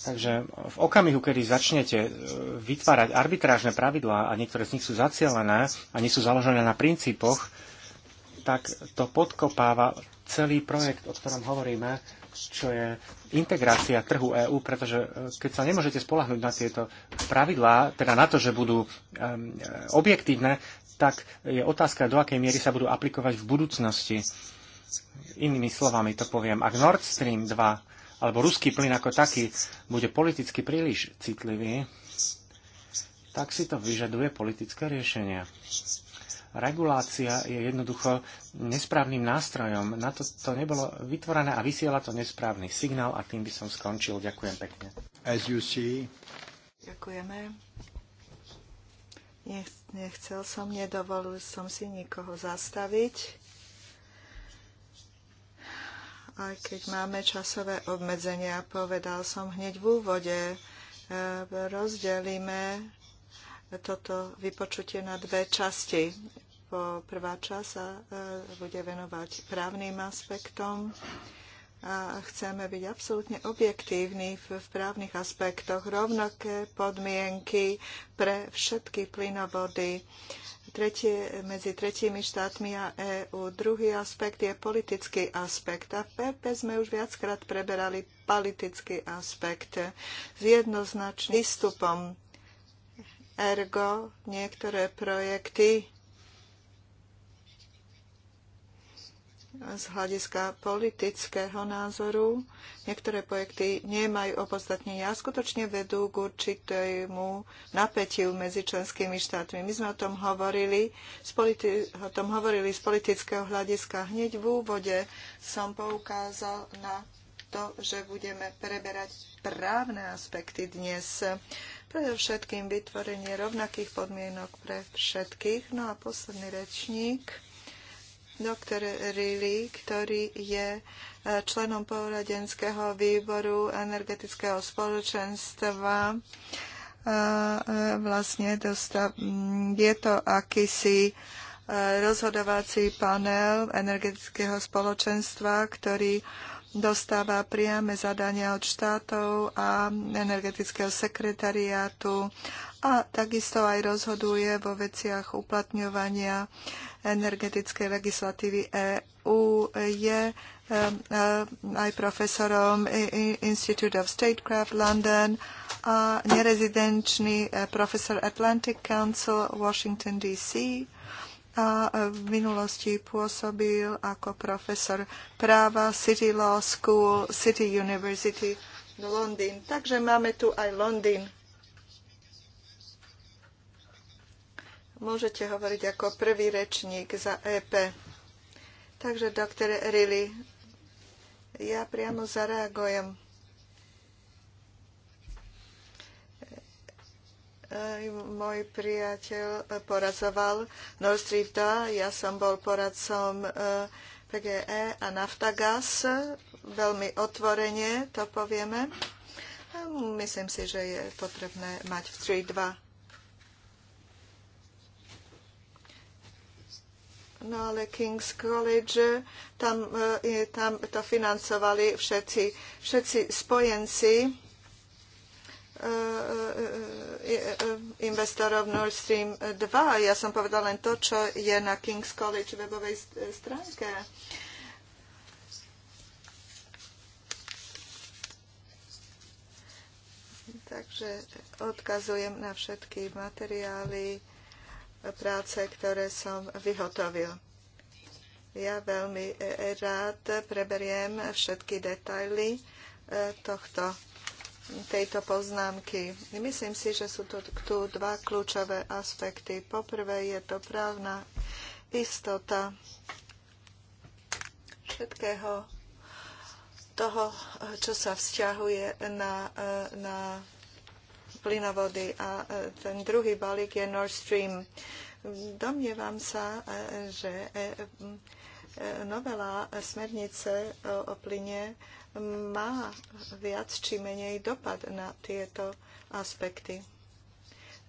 Takže v okamihu, kedy začnete e, vytvárať arbitrážne pravidlá a niektoré z nich sú zacielené a nie sú založené na princípoch, tak to podkopáva celý projekt, o ktorom hovoríme, čo je integrácia trhu EÚ, pretože e, keď sa nemôžete spolahnuť na tieto pravidlá, teda na to, že budú um, objektívne, tak je otázka, do akej miery sa budú aplikovať v budúcnosti. Inými slovami to poviem, ak Nord Stream 2 alebo ruský plyn ako taký bude politicky príliš citlivý, tak si to vyžaduje politické riešenia. Regulácia je jednoducho nesprávnym nástrojom. Na to to nebolo vytvorené a vysiela to nesprávny signál a tým by som skončil. Ďakujem pekne. As you see. Ďakujeme. Yes nechcel som, nedovolil som si nikoho zastaviť. Aj keď máme časové obmedzenia, povedal som hneď v úvode, e, rozdelíme toto vypočutie na dve časti. Po prvá časť sa e, bude venovať právnym aspektom a chceme byť absolútne objektívni v, v právnych aspektoch. Rovnaké podmienky pre všetky plynovody tretie, medzi tretími štátmi a EÚ. Druhý aspekt je politický aspekt. A v PP sme už viackrát preberali politický aspekt s jednoznačným výstupom. Ergo, niektoré projekty z hľadiska politického názoru. Niektoré projekty nemajú opodstatnenie a skutočne vedú k určitému napätiu medzi členskými štátmi. My sme o tom hovorili z, politi- o tom hovorili z politického hľadiska. Hneď v úvode som poukázal na to, že budeme preberať právne aspekty dnes. Predovšetkým vytvorenie rovnakých podmienok pre všetkých. No a posledný rečník doktor Rilly, ktorý je e, členom poradenského výboru energetického spoločenstva. E, e, vlastne dostav, je to akýsi rozhodovací panel energetického spoločenstva, ktorý dostáva priame zadania od štátov a energetického sekretariátu a takisto aj rozhoduje vo veciach uplatňovania energetickej legislatívy EU Je aj profesorom Institute of Statecraft London a nerezidenčný eh, profesor Atlantic Council Washington DC a v minulosti pôsobil ako profesor práva City Law School, City University Londýn. Takže máme tu aj Londýn. Môžete hovoriť ako prvý rečník za EP. Takže, doktore Rilly, ja priamo zareagujem môj priateľ e, poradzoval Nord Stream 2, ja som bol poradcom PGE e a Naftagas, veľmi otvorene to povieme. myslím si, že je potrebné mať v 3.2 No ale King's College, e, tam, tam to financovali všetci, všetci spojenci E, e, e, investorov Nord Stream 2. Ja som povedal len to, čo je na King's College webovej stránke. Takže odkazujem na všetky materiály, práce, ktoré som vyhotovil. Ja veľmi rád preberiem všetky detaily tohto tejto poznámky. Myslím si, že sú tu, tu dva kľúčové aspekty. Poprvé je to právna istota všetkého toho, čo sa vzťahuje na, na plynovody. A ten druhý balík je Nord Stream. Domnievam sa, že novela smernice o, o plyne má viac či menej dopad na tieto aspekty.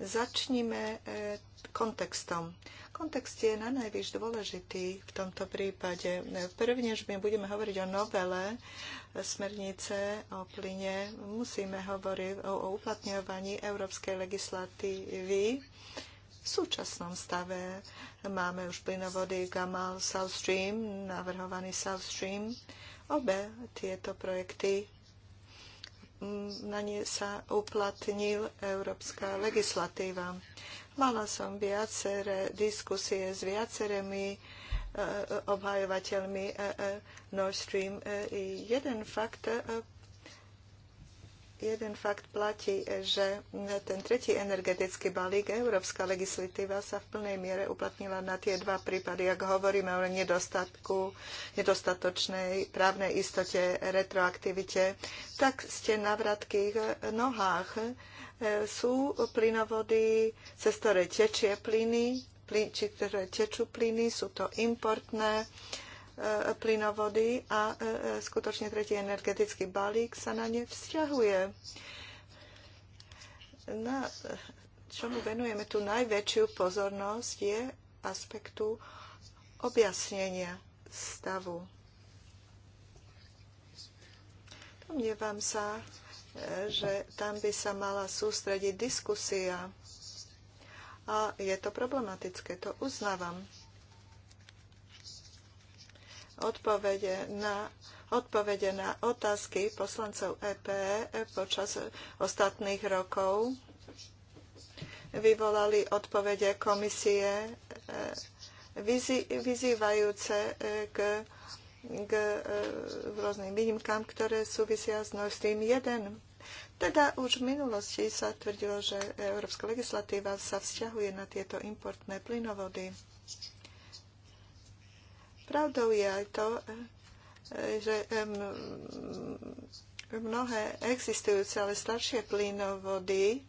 Začnime e, kontextom. Kontext je na najvyš dôležitý v tomto prípade. Prvne, že my budeme hovoriť o novele smernice o plyne, musíme hovoriť o uplatňovaní európskej legislatívy v súčasnom stave. Máme už plynovody Gamal South Stream, navrhovaný South Stream. Obe tieto projekty na ne sa uplatnil európska legislatíva. Mala som viaceré diskusie s viacerými e, e, obhajovateľmi e, Nord Stream. Jeden fakt jeden fakt platí, že ten tretí energetický balík, európska legislatíva sa v plnej miere uplatnila na tie dva prípady, ak hovoríme o nedostatku, nedostatočnej právnej istote, retroaktivite, tak ste na vratkých nohách. Sú plynovody, cez ktoré tečie plyny, plyn, či ktoré tečú plyny, sú to importné E, plynovody a e, e, skutočne tretí energetický balík sa na ne vzťahuje. Na, čomu venujeme tú najväčšiu pozornosť je aspektu objasnenia stavu. Domnievam sa, že tam by sa mala sústrediť diskusia. A je to problematické, to uznávam odpovede na, odpovede na otázky poslancov EP počas ostatných rokov vyvolali odpovede komisie e, vyzývajúce e, k, k e, rôznym výnimkám, ktoré súvisia s Nord Stream 1. Teda už v minulosti sa tvrdilo, že európska legislatíva sa vzťahuje na tieto importné plynovody. Pravdou je aj to, že mnohé existujúce, ale staršie plynovody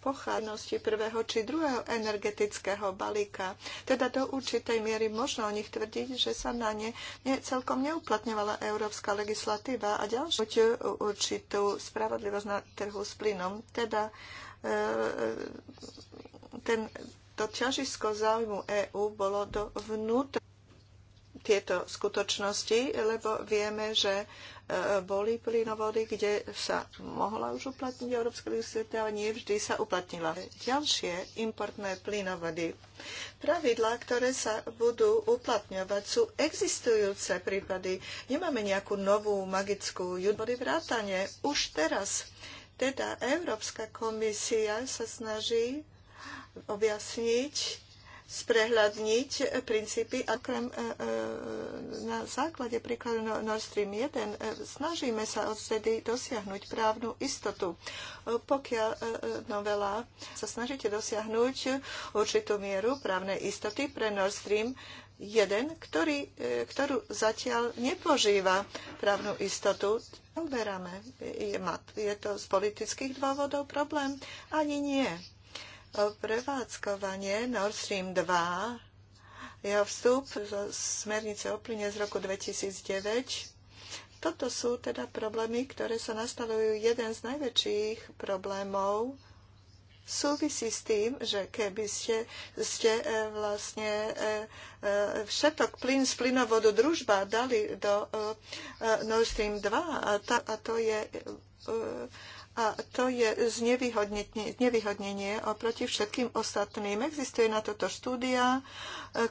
pochádnosti prvého či druhého energetického balíka. Teda do určitej miery možno o nich tvrdiť, že sa na ne, celkom neuplatňovala európska legislatíva a ďalšiu určitú spravodlivosť na trhu s plynom. Teda e, e ten, to ťažisko záujmu EÚ bolo do vnútra tieto skutočnosti, lebo vieme, že e, boli plynovody, kde sa mohla už uplatniť európska legislatíva, ale nie vždy sa uplatnila. Ďalšie importné plynovody. Pravidlá, ktoré sa budú uplatňovať, sú existujúce prípady. Nemáme nejakú novú magickú judbody vrátane. Už teraz. Teda Európska komisia sa snaží objasniť sprehľadniť princípy. A krem, e, e, na základe príkladu no- Nord Stream 1 e, snažíme sa odtedy dosiahnuť právnu istotu. Pokiaľ novela sa snažíte dosiahnuť určitú mieru právnej istoty pre Nord Stream 1, ktorý, ktorú zatiaľ nepožíva právnu istotu, uberáme. je to z politických dôvodov problém? Ani nie prevádzkovanie Nord Stream 2, jeho vstup zo smernice o plyne z roku 2009. Toto sú teda problémy, ktoré sa nastavujú jeden z najväčších problémov súvisí s tým, že keby ste, ste e, vlastne e, e, všetok plyn z plynovodu družba dali do Nord Stream 2 a, to, a to je a to je znevýhodnenie oproti všetkým ostatným. Existuje na toto štúdia, e,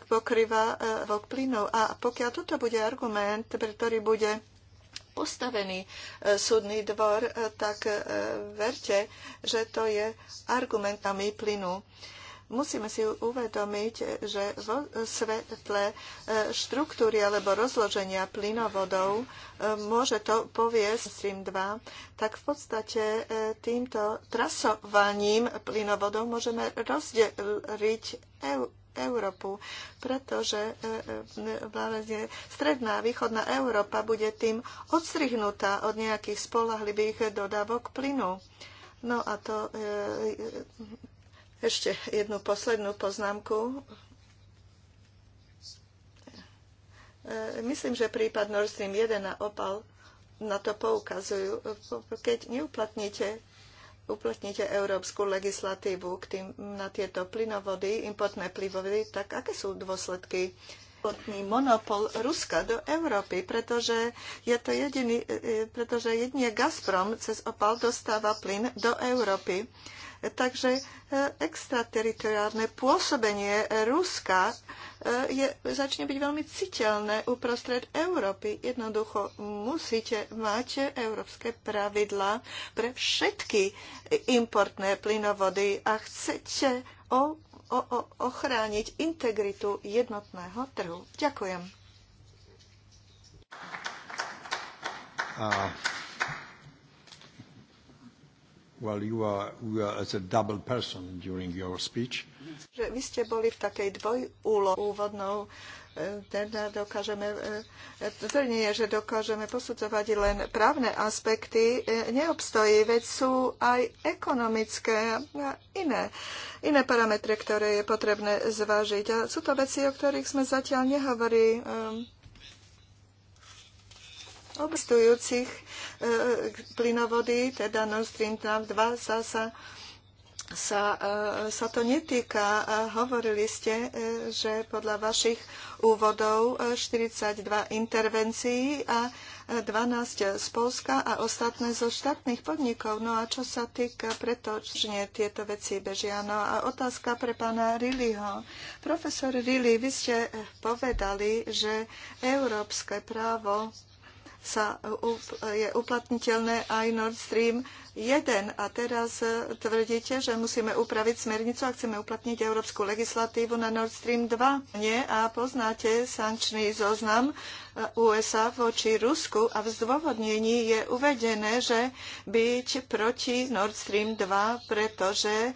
pokrýva e, vok plynov a pokiaľ toto bude argument, pre ktorý bude postavený e, súdny dvor, tak verte, že to je argumentami plynu Musíme si uvedomiť, že vo svetle e, štruktúry alebo rozloženia plynovodov e, môže to poviesť Stream 2, tak v podstate e, týmto trasovaním plynovodov môžeme rozdeliť Európu, pretože vlastne stredná a východná Európa bude tým odstrihnutá od nejakých spolahlivých dodávok plynu. No a to, ešte jednu poslednú poznámku. E, myslím, že prípad Nord Stream 1 a Opal na to poukazujú. Keď neuplatníte uplatnite európsku legislatívu k tým, na tieto plynovody, importné plynovody, tak aké sú dôsledky? Potný monopol Ruska do Európy, pretože je to jediný, e, e, pretože jedine Gazprom cez Opal dostáva plyn do Európy. Takže e, extrateritoriálne pôsobenie Ruska e, je, začne byť veľmi citeľné uprostred Európy. Jednoducho musíte mať európske pravidlá pre všetky importné plynovody a chcete o, o, o, ochrániť integritu jednotného trhu. Ďakujem. Uh. Well, you are, you are as a double person during your speech. Že vy ste boli v takej dvojúlo úvodnou e, teda dokážeme, e, e, to nie je, že dokážeme posudzovať len právne aspekty, neobstojí, veď sú aj ekonomické a iné, iné parametre, ktoré je potrebné zvážiť. A sú to veci, o ktorých sme zatiaľ nehovorili obstujúcich e, plynovody, teda Nord Stream 2 sa, sa sa, e, sa to netýka. Hovorili ste, e, že podľa vašich úvodov 42 intervencií a 12 z Polska a ostatné zo štátnych podnikov. No a čo sa týka, pretočne tieto veci bežia. No a otázka pre pána Riliho. Profesor Rili, vy ste povedali, že európske právo sa je uplatniteľné aj Nord Stream 1. A teraz e, tvrdíte, že musíme upraviť smernicu a chceme uplatniť európsku legislatívu na Nord Stream 2. Nie a poznáte sankčný zoznam USA voči Rusku a v zdôvodnení je uvedené, že byť proti Nord Stream 2, pretože,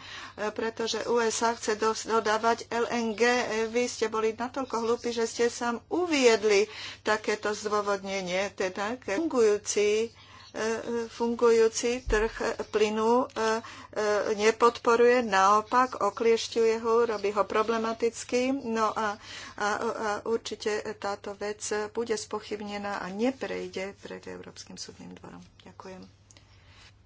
pretože USA chce dodávať LNG. Vy ste boli natoľko hlúpi, že ste sám uviedli takéto zdôvodnenie. Teda fungujúci fungujúci trh plynu e, e, nepodporuje, naopak okliešťuje ho, robí ho problematický. No a, a, a určite táto vec bude spochybnená a neprejde pred Európskym súdnym dvorom. Ďakujem.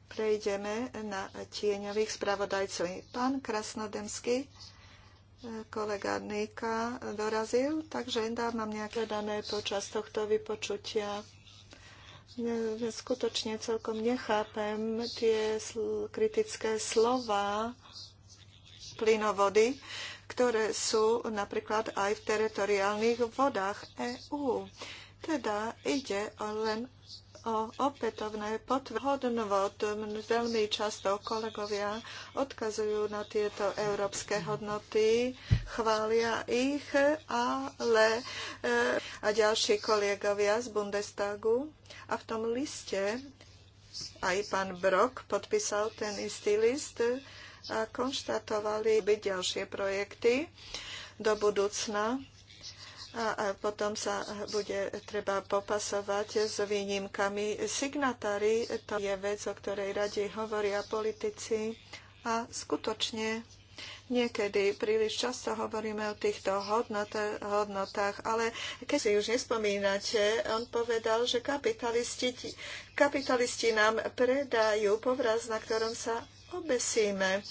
Prejdeme na tieňových spravodajcov. Pán Krasnodemský e, kolega Nika dorazil, takže dám vám nejaké dané počas tohto vypočutia skutočne celkom nechápem tie kritické slova plynovody, ktoré sú napríklad aj v teritoriálnych vodách EÚ. Teda ide len o opätovné hodnot. Veľmi často kolegovia odkazujú na tieto európske hodnoty, chvália ich, ale e, a ďalší kolegovia z Bundestagu. A v tom liste aj pán Brok podpísal ten istý list a konštatovali byť ďalšie projekty do budúcna a potom sa bude treba popasovať s výnimkami. Signatári to je vec, o ktorej radi hovoria politici a skutočne niekedy príliš často hovoríme o týchto hodnot, hodnotách, ale keď si už nespomínate, on povedal, že kapitalisti, kapitalisti nám predajú povraz, na ktorom sa obesíme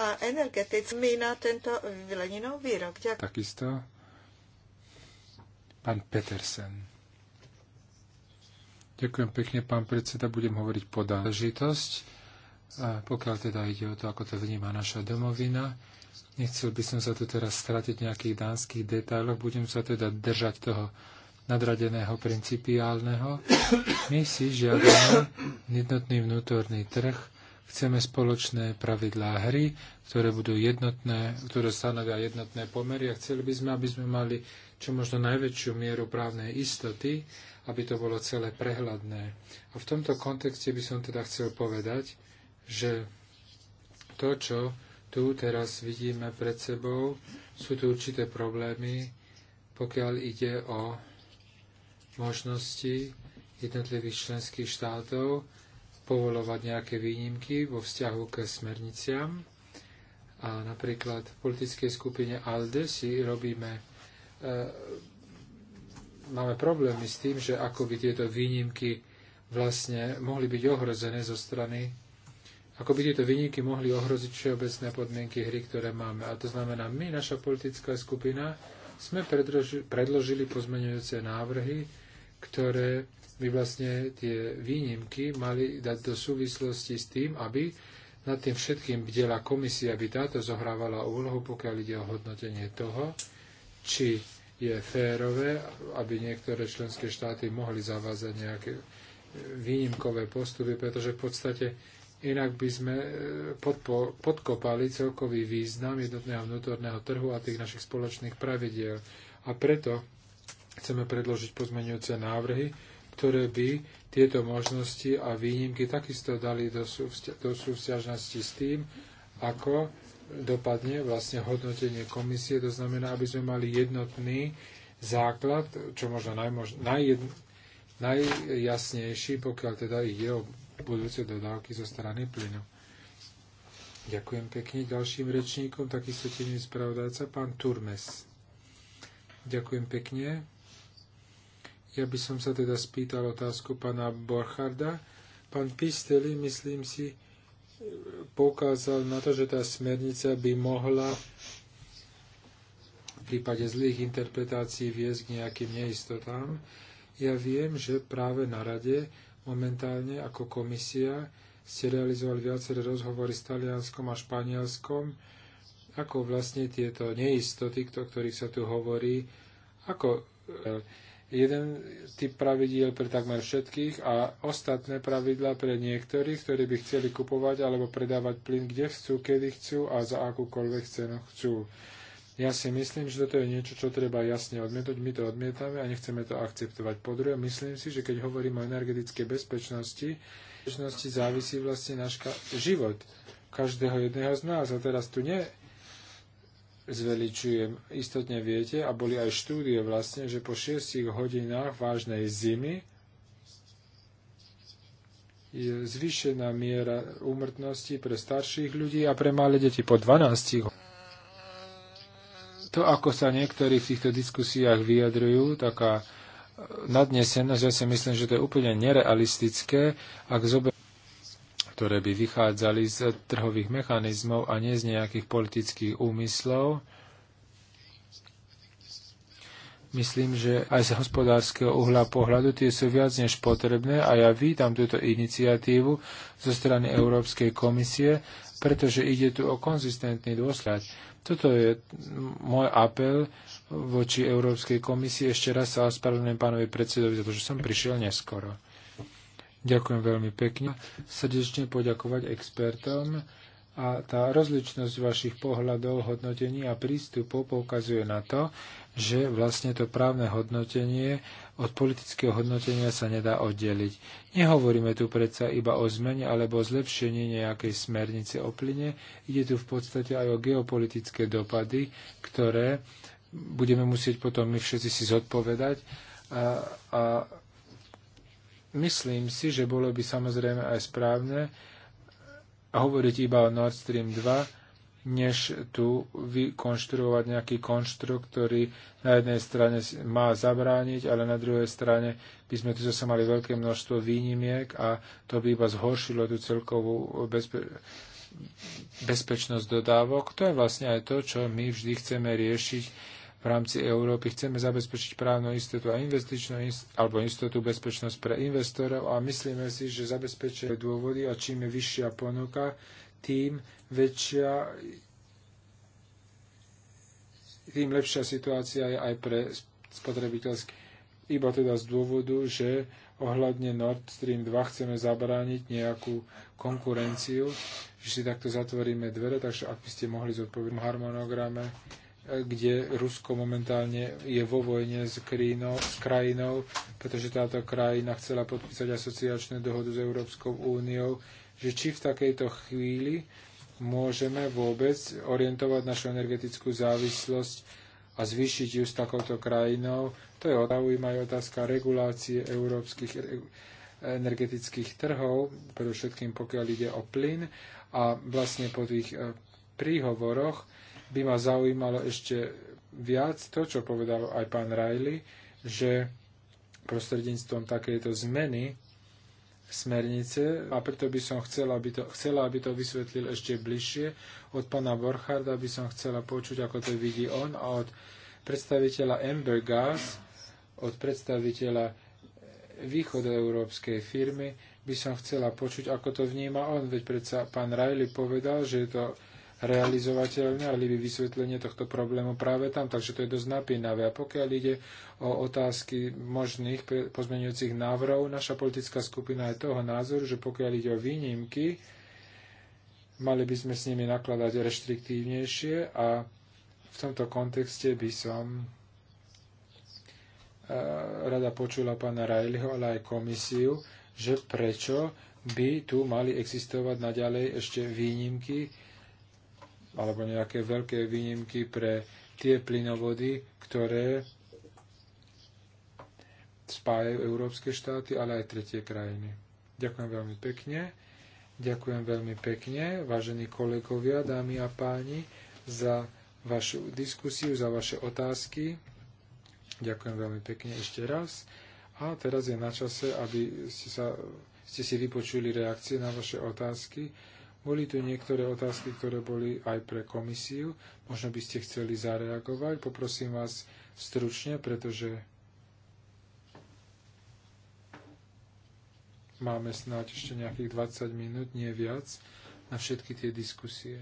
a energeticky na tento Leninov výrok. Ďakujem. Takisto Pán Petersen. Ďakujem pekne, pán predseda. Budem hovoriť po záležitosť. Pokiaľ teda ide o to, ako to vníma naša domovina, nechcel by som sa tu teraz stratiť nejakých dánskych detailoch, budem sa teda držať toho nadradeného principiálneho. My si žiadame jednotný vnútorný trh Chceme spoločné pravidlá hry, ktoré budú jednotné, ktoré stanovia jednotné pomery a chceli by sme, aby sme mali čo možno najväčšiu mieru právnej istoty, aby to bolo celé prehľadné. A v tomto kontexte by som teda chcel povedať, že to, čo tu teraz vidíme pred sebou, sú tu určité problémy, pokiaľ ide o možnosti jednotlivých členských štátov povolovať nejaké výnimky vo vzťahu k smerniciam. A napríklad v politickej skupine ALDE si robíme, e, máme problémy s tým, že ako by tieto výnimky vlastne mohli byť ohrozené zo strany, ako by tieto výnimky mohli ohroziť všeobecné podmienky hry, ktoré máme. A to znamená, my, naša politická skupina, sme predložili pozmeňujúce návrhy, ktoré by vlastne tie výnimky mali dať do súvislosti s tým, aby nad tým všetkým bdela komisia, aby táto zohrávala úlohu, pokiaľ ide o hodnotenie toho, či je férové, aby niektoré členské štáty mohli zavázať nejaké výnimkové postupy, pretože v podstate inak by sme e, podpo, podkopali celkový význam jednotného vnútorného trhu a tých našich spoločných pravidiel. A preto Chceme predložiť pozmeňujúce návrhy, ktoré by tieto možnosti a výnimky takisto dali do, súvzťažnosti s tým, ako dopadne vlastne hodnotenie komisie. To znamená, aby sme mali jednotný základ, čo možno najmož- najjed, najjasnejší, pokiaľ teda ide o budúce dodávky zo strany plynu. Ďakujem pekne ďalším rečníkom, takisto tým spravodajca, pán Turmes. Ďakujem pekne. Ja by som sa teda spýtal otázku pána Borcharda. Pán Pisteli, myslím si, poukázal na to, že tá smernica by mohla v prípade zlých interpretácií viesť k nejakým neistotám. Ja viem, že práve na rade momentálne ako komisia ste realizovali viaceré rozhovory s Talianskom a Španielskom, ako vlastne tieto neistoty, o ktorých sa tu hovorí, ako jeden typ pravidiel pre takmer všetkých a ostatné pravidla pre niektorých, ktorí by chceli kupovať alebo predávať plyn kde chcú, kedy chcú a za akúkoľvek cenu chcú. Ja si myslím, že toto je niečo, čo treba jasne odmietať. My to odmietame a nechceme to akceptovať. Po druhé, myslím si, že keď hovoríme o energetickej bezpečnosti, bezpečnosti závisí vlastne náš život každého jedného z nás. A teraz tu nie zveličujem. Istotne viete, a boli aj štúdie vlastne, že po 6 hodinách vážnej zimy je zvýšená miera úmrtnosti pre starších ľudí a pre malé deti po 12 To, ako sa niektorí v týchto diskusiách vyjadrujú, taká nadnesenosť, ja si myslím, že to je úplne nerealistické, ak zober ktoré by vychádzali z trhových mechanizmov a nie z nejakých politických úmyslov. Myslím, že aj z hospodárskeho uhla pohľadu tie sú viac než potrebné a ja vítam túto iniciatívu zo strany Európskej komisie, pretože ide tu o konzistentný dôsled. Toto je môj apel voči Európskej komisii. Ešte raz sa ospravedlňujem pánovi predsedovi za to, že som prišiel neskoro. Ďakujem veľmi pekne. Srdečne poďakovať expertom a tá rozličnosť vašich pohľadov, hodnotení a prístupov poukazuje na to, že vlastne to právne hodnotenie od politického hodnotenia sa nedá oddeliť. Nehovoríme tu predsa iba o zmene alebo o zlepšení nejakej smernice o plyne, ide tu v podstate aj o geopolitické dopady, ktoré budeme musieť potom my všetci si zodpovedať a, a Myslím si, že bolo by samozrejme aj správne hovoriť iba o Nord Stream 2, než tu vykonštruovať nejaký konštrukt, ktorý na jednej strane má zabrániť, ale na druhej strane by sme tu zase mali veľké množstvo výnimiek a to by iba zhoršilo tú celkovú bezpe- bezpečnosť dodávok. To je vlastne aj to, čo my vždy chceme riešiť v rámci Európy. Chceme zabezpečiť právnu istotu a investičnú ist- alebo istotu bezpečnosť pre investorov a myslíme si, že zabezpečuje dôvody a čím je vyššia ponuka, tým väčšia tým lepšia situácia je aj pre spotrebiteľské. Iba teda z dôvodu, že ohľadne Nord Stream 2 chceme zabrániť nejakú konkurenciu, že si takto zatvoríme dvere, takže ak by ste mohli zodpovedať harmonograme, kde Rusko momentálne je vo vojne s, krínou, s krajinou, pretože táto krajina chcela podpísať asociačnú dohodu s Európskou úniou, že či v takejto chvíli môžeme vôbec orientovať našu energetickú závislosť a zvýšiť ju s takouto krajinou. To je zaujímavá otázka regulácie európskych e, energetických trhov, predovšetkým pokiaľ ide o plyn. A vlastne po tých e, príhovoroch by ma zaujímalo ešte viac to, čo povedal aj pán Riley, že prostredníctvom takejto zmeny smernice a preto by som chcela, aby to, chcela, aby to vysvetlil ešte bližšie. Od pána Borcharda by som chcela počuť, ako to vidí on a od predstaviteľa Amber Gas, od predstaviteľa východoeurópskej firmy by som chcela počuť, ako to vníma on, veď predsa pán Riley povedal, že je to realizovateľné, ale by vysvetlenie tohto problému práve tam, takže to je dosť napínavé. A pokiaľ ide o otázky možných pozmeňujúcich návrov, naša politická skupina je toho názoru, že pokiaľ ide o výnimky, mali by sme s nimi nakladať reštriktívnejšie a v tomto kontexte by som e, rada počula pána Rajliho, ale aj komisiu, že prečo by tu mali existovať naďalej ešte výnimky alebo nejaké veľké výnimky pre tie plynovody, ktoré spájajú európske štáty, ale aj tretie krajiny. Ďakujem veľmi pekne. Ďakujem veľmi pekne, vážení kolegovia, dámy a páni, za vašu diskusiu, za vaše otázky. Ďakujem veľmi pekne ešte raz. A teraz je na čase, aby ste, sa, ste si vypočuli reakcie na vaše otázky. Boli tu niektoré otázky, ktoré boli aj pre komisiu. Možno by ste chceli zareagovať. Poprosím vás stručne, pretože máme snáď ešte nejakých 20 minút, nie viac, na všetky tie diskusie.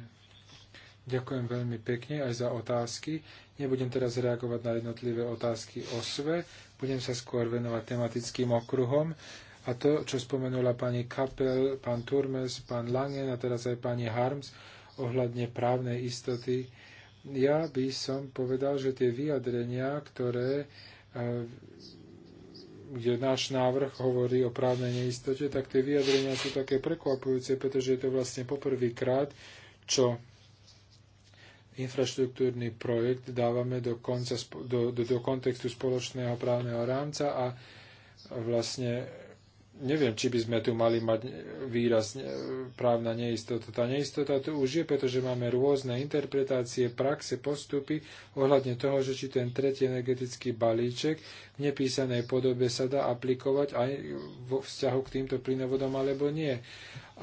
Ďakujem veľmi pekne aj za otázky. Nebudem teraz reagovať na jednotlivé otázky o SVE, budem sa skôr venovať tematickým okruhom. A to, čo spomenula pani Kapel, pán Turmes, pán Langen a teraz aj pani Harms ohľadne právnej istoty, ja by som povedal, že tie vyjadrenia, ktoré eh, kde náš návrh hovorí o právnej neistote, tak tie vyjadrenia sú také prekvapujúce, pretože je to vlastne poprvýkrát, čo infraštruktúrny projekt dávame do, konca, do, do, do kontextu spoločného právneho rámca a vlastne neviem, či by sme tu mali mať výraz e, právna neistota. Tá neistota tu už je, pretože máme rôzne interpretácie, praxe, postupy ohľadne toho, že či ten tretí energetický balíček v nepísanej podobe sa dá aplikovať aj vo vzťahu k týmto plynovodom alebo nie.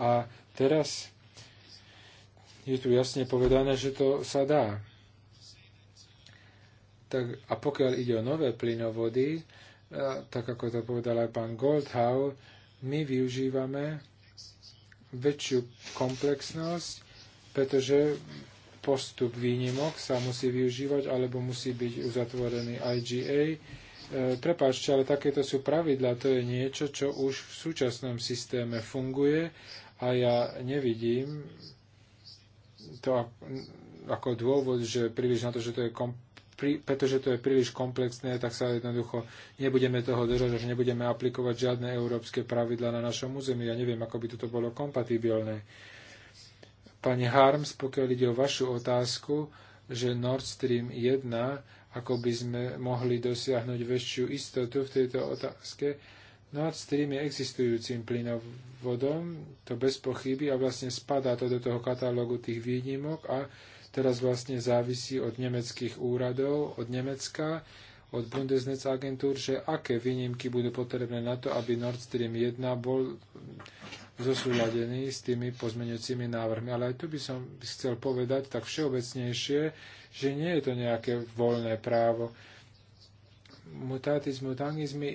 A teraz je tu jasne povedané, že to sa dá. Tak, a pokiaľ ide o nové plynovody, tak ako to povedal aj pán Goldhau, my využívame väčšiu komplexnosť, pretože postup výnimok sa musí využívať alebo musí byť uzatvorený IGA. E, prepáčte, ale takéto sú pravidla. To je niečo, čo už v súčasnom systéme funguje a ja nevidím to ako dôvod, že príliš na to, že to je komplexné pri, pretože to je príliš komplexné, tak sa jednoducho nebudeme toho držať, že nebudeme aplikovať žiadne európske pravidla na našom území. Ja neviem, ako by toto bolo kompatibilné. Pani Harms, pokiaľ ide o vašu otázku, že Nord Stream 1, ako by sme mohli dosiahnuť väčšiu istotu v tejto otázke, Nord Stream je existujúcim plynovodom, to bez pochyby, a vlastne spadá to do toho katalógu tých výnimok a teraz vlastne závisí od nemeckých úradov, od Nemecka, od agentúr, že aké výnimky budú potrebné na to, aby Nord Stream 1 bol zosúladený s tými pozmeňujúcimi návrhmi. Ale aj tu by som chcel povedať tak všeobecnejšie, že nie je to nejaké voľné právo. Mutatis mutandis my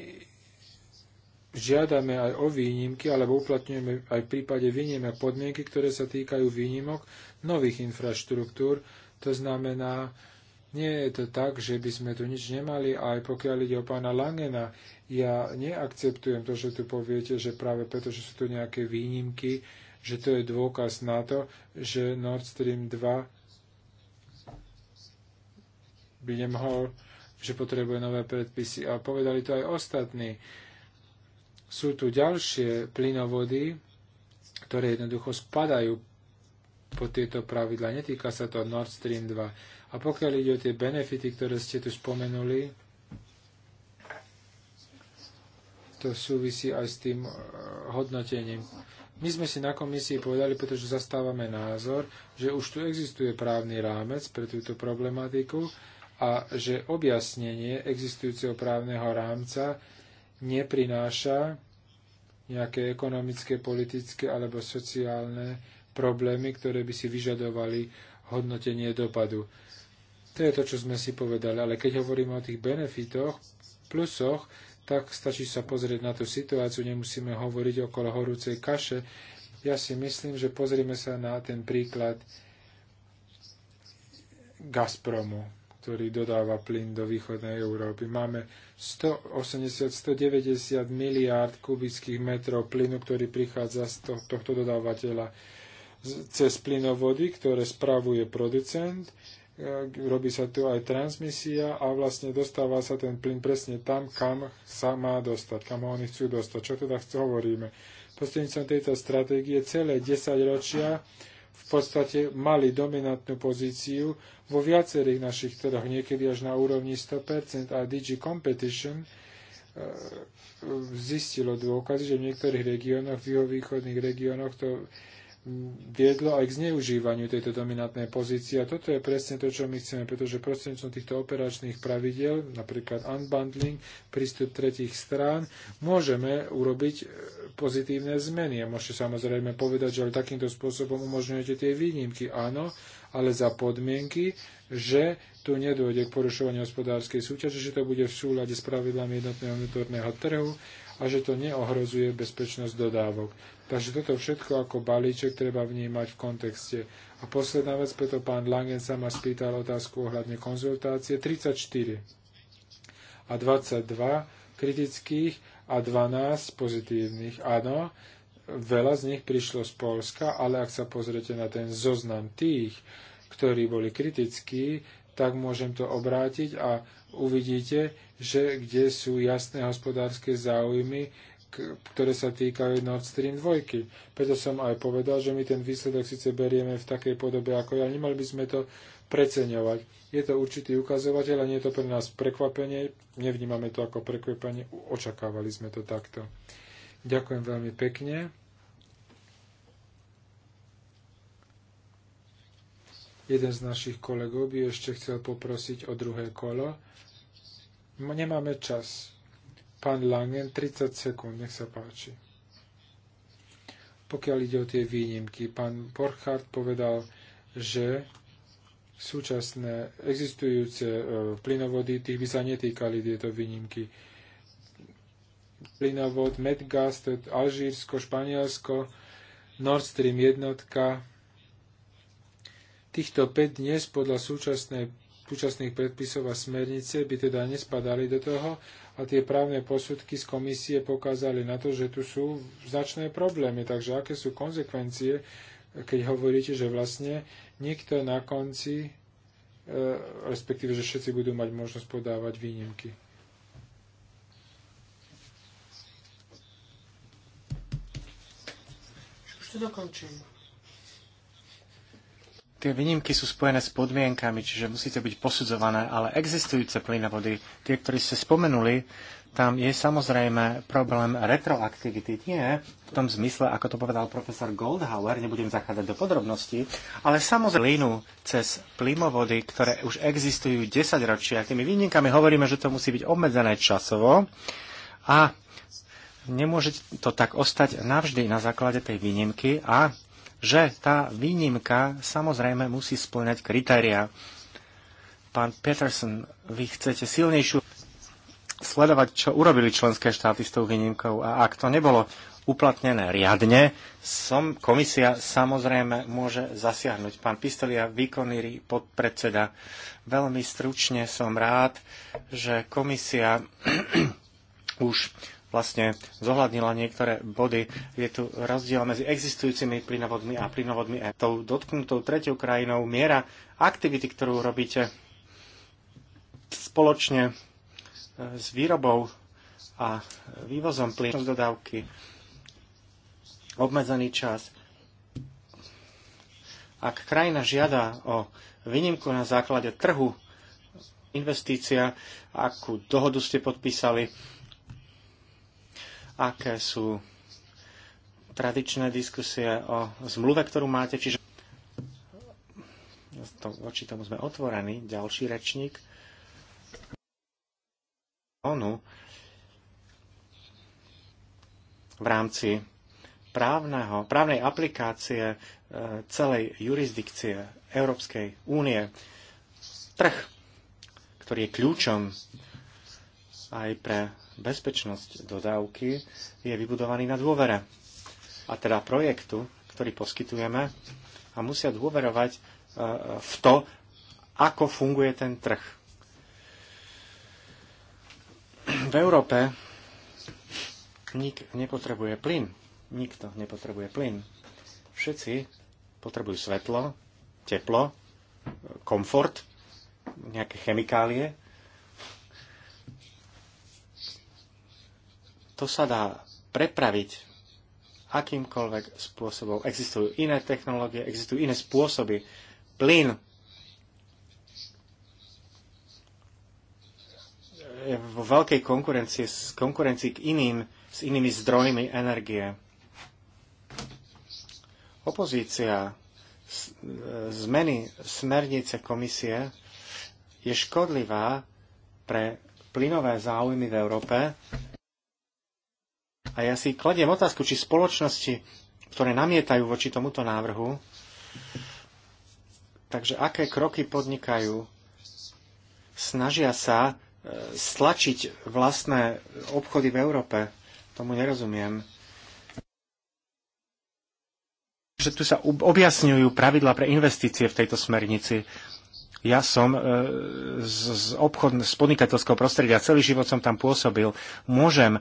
žiadame aj o výnimky, alebo uplatňujeme aj v prípade výnimek podmienky, ktoré sa týkajú výnimok nových infraštruktúr. To znamená, nie je to tak, že by sme tu nič nemali, aj pokiaľ ide o pána Langena, ja neakceptujem to, že tu poviete, že práve preto, že sú tu nejaké výnimky, že to je dôkaz na to, že Nord Stream 2 by nemohol, že potrebuje nové predpisy. A povedali to aj ostatní. Sú tu ďalšie plynovody, ktoré jednoducho spadajú po tieto pravidla. Netýka sa to Nord Stream 2. A pokiaľ ide o tie benefity, ktoré ste tu spomenuli, to súvisí aj s tým eh, hodnotením. My sme si na komisii povedali, pretože zastávame názor, že už tu existuje právny rámec pre túto problematiku a že objasnenie existujúceho právneho rámca neprináša nejaké ekonomické, politické alebo sociálne problémy, ktoré by si vyžadovali hodnotenie dopadu. To je to, čo sme si povedali. Ale keď hovoríme o tých benefitoch, plusoch, tak stačí sa pozrieť na tú situáciu, nemusíme hovoriť okolo horúcej kaše. Ja si myslím, že pozrieme sa na ten príklad Gazpromu, ktorý dodáva plyn do východnej Európy. Máme 180-190 miliárd kubických metrov plynu, ktorý prichádza z tohto dodávateľa cez plynovody, ktoré spravuje producent, eh, robí sa tu aj transmisia a vlastne dostáva sa ten plyn presne tam, kam sa má dostať, kam ho oni chcú dostať. Čo teda hovoríme? Prostredníctvom tejto stratégie celé 10 ročia v podstate mali dominantnú pozíciu vo viacerých našich trhoch, niekedy až na úrovni 100% a DG Competition eh, zistilo dôkazy, že v niektorých regiónoch, v východných regiónoch to viedlo aj k zneužívaniu tejto dominantnej pozície. A toto je presne to, čo my chceme, pretože prostredníctvom týchto operačných pravidel, napríklad unbundling, prístup tretich strán, môžeme urobiť e, pozitívne zmeny. A môžete samozrejme povedať, že takýmto spôsobom umožňujete tie výnimky. Áno, ale za podmienky, že tu nedôjde k porušovaniu hospodárskej súťaže, že to bude v súlade s pravidlami jednotného vnútorného trhu a že to neohrozuje bezpečnosť dodávok. Takže toto všetko ako balíček treba vnímať v kontexte. A posledná vec, preto pán Langen sa ma spýtal otázku ohľadne konzultácie. 34 a 22 kritických a 12 pozitívnych. Áno, veľa z nich prišlo z Polska, ale ak sa pozrete na ten zoznam tých, ktorí boli kritickí, tak môžem to obrátiť a uvidíte, že kde sú jasné hospodárske záujmy, ktoré sa týkajú Nord Stream 2. Preto som aj povedal, že my ten výsledok síce berieme v takej podobe ako ja, nemali by sme to preceňovať. Je to určitý ukazovateľ a nie je to pre nás prekvapenie, nevnímame to ako prekvapenie, očakávali sme to takto. Ďakujem veľmi pekne. Jeden z našich kolegov by ešte chcel poprosiť o druhé kolo Nemáme čas. Pán Langen, 30 sekúnd, nech sa páči. Pokiaľ ide o tie výnimky, pán Borchardt povedal, že súčasné existujúce e, plynovody, tých by sa netýkali tieto výnimky. Plynovod Medgas, to je Alžírsko, Španielsko, Nord Stream jednotka. Týchto 5 dnes podľa súčasnej súčasných predpisov a smernice by teda nespadali do toho a tie právne posudky z komisie pokázali na to, že tu sú značné problémy. Takže aké sú konsekvencie, keď hovoríte, že vlastne nikto na konci, e, respektíve, že všetci budú mať možnosť podávať výnimky? Už to dokončím tie výnimky sú spojené s podmienkami, čiže musíte byť posudzované, ale existujúce plynovody, tie, ktoré ste spomenuli, tam je samozrejme problém retroaktivity. Nie v tom zmysle, ako to povedal profesor Goldhauer, nebudem zachádzať do podrobností, ale samozrejme plynu cez plynovody, ktoré už existujú 10 ročia. Tými výnimkami hovoríme, že to musí byť obmedzené časovo a nemôže to tak ostať navždy na základe tej výnimky a že tá výnimka samozrejme musí splňať kritéria. Pán Peterson, vy chcete silnejšiu sledovať, čo urobili členské štáty s tou výnimkou a ak to nebolo uplatnené riadne, som, komisia samozrejme môže zasiahnuť. Pán Pistolia, výkonný podpredseda, veľmi stručne som rád, že komisia už vlastne zohľadnila niektoré body. Je tu rozdiel medzi existujúcimi plynovodmi a plynovodmi a tou dotknutou tretiou krajinou miera aktivity, ktorú robíte spoločne e, s výrobou a vývozom plynu z dodávky obmedzený čas. Ak krajina žiada o výnimku na základe trhu, investícia, akú dohodu ste podpísali, aké sú tradičné diskusie o zmluve, ktorú máte, čiže to, voči tomu sme otvorení. Ďalší rečník. ONU v rámci právneho, právnej aplikácie e, celej jurisdikcie Európskej únie. Trh, ktorý je kľúčom aj pre bezpečnosť dodávky je vybudovaný na dôvere. A teda projektu, ktorý poskytujeme, a musia dôverovať e, e, v to, ako funguje ten trh. V Európe nik nepotrebuje plyn. Nikto nepotrebuje plyn. Všetci potrebujú svetlo, teplo, e, komfort, nejaké chemikálie to sa dá prepraviť akýmkoľvek spôsobom. Existujú iné technológie, existujú iné spôsoby. Plyn je vo veľkej konkurencie, konkurencii k iným, s inými zdrojmi energie. Opozícia zmeny smernice komisie je škodlivá pre plynové záujmy v Európe, a ja si kladiem otázku, či spoločnosti, ktoré namietajú voči tomuto návrhu, takže aké kroky podnikajú, snažia sa e, stlačiť vlastné obchody v Európe. Tomu nerozumiem. Že tu sa objasňujú pravidla pre investície v tejto smernici. Ja som e, z, z, obchod, z podnikateľského prostredia, celý život som tam pôsobil. Môžem e,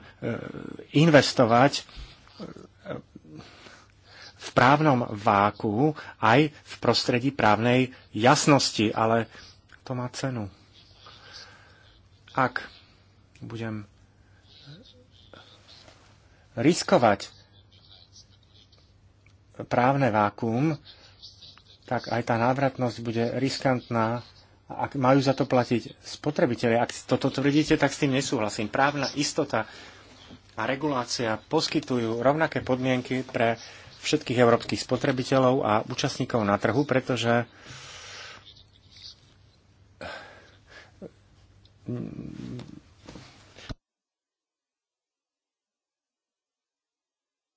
investovať e, v právnom váku aj v prostredí právnej jasnosti, ale to má cenu. Ak budem riskovať právne vákum, tak aj tá návratnosť bude riskantná. Ak majú za to platiť spotrebitelia, ak toto tvrdíte, tak s tým nesúhlasím. Právna istota a regulácia poskytujú rovnaké podmienky pre všetkých európskych spotrebiteľov a účastníkov na trhu, pretože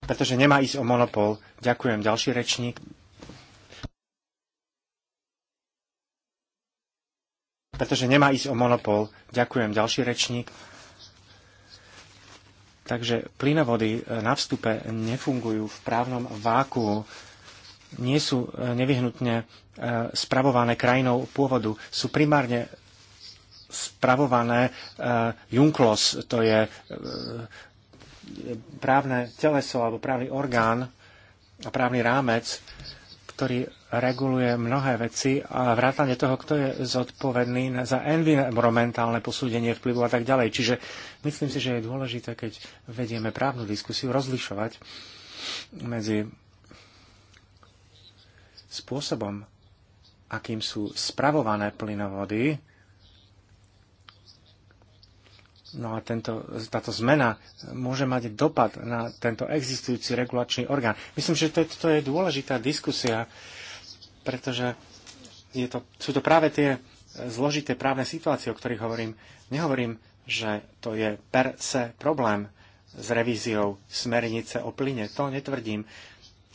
pretože nemá ísť o monopol. Ďakujem. Ďalší rečník. pretože nemá ísť o monopol. Ďakujem, ďalší rečník. Takže plynovody e, na vstupe nefungujú v právnom váku, nie sú e, nevyhnutne e, spravované krajinou pôvodu, sú primárne spravované Junklos, to je právne teleso alebo právny orgán a právny rámec, ktorý reguluje mnohé veci a vrátane toho, kto je zodpovedný za environmentálne posúdenie vplyvu a tak ďalej. Čiže myslím si, že je dôležité, keď vedieme právnu diskusiu, rozlišovať medzi spôsobom, akým sú spravované plynovody No a tento, táto zmena môže mať dopad na tento existujúci regulačný orgán. Myslím, že to, to je dôležitá diskusia, pretože je to, sú to práve tie zložité právne situácie, o ktorých hovorím. Nehovorím, že to je per se problém s revíziou smernice o plyne. To netvrdím,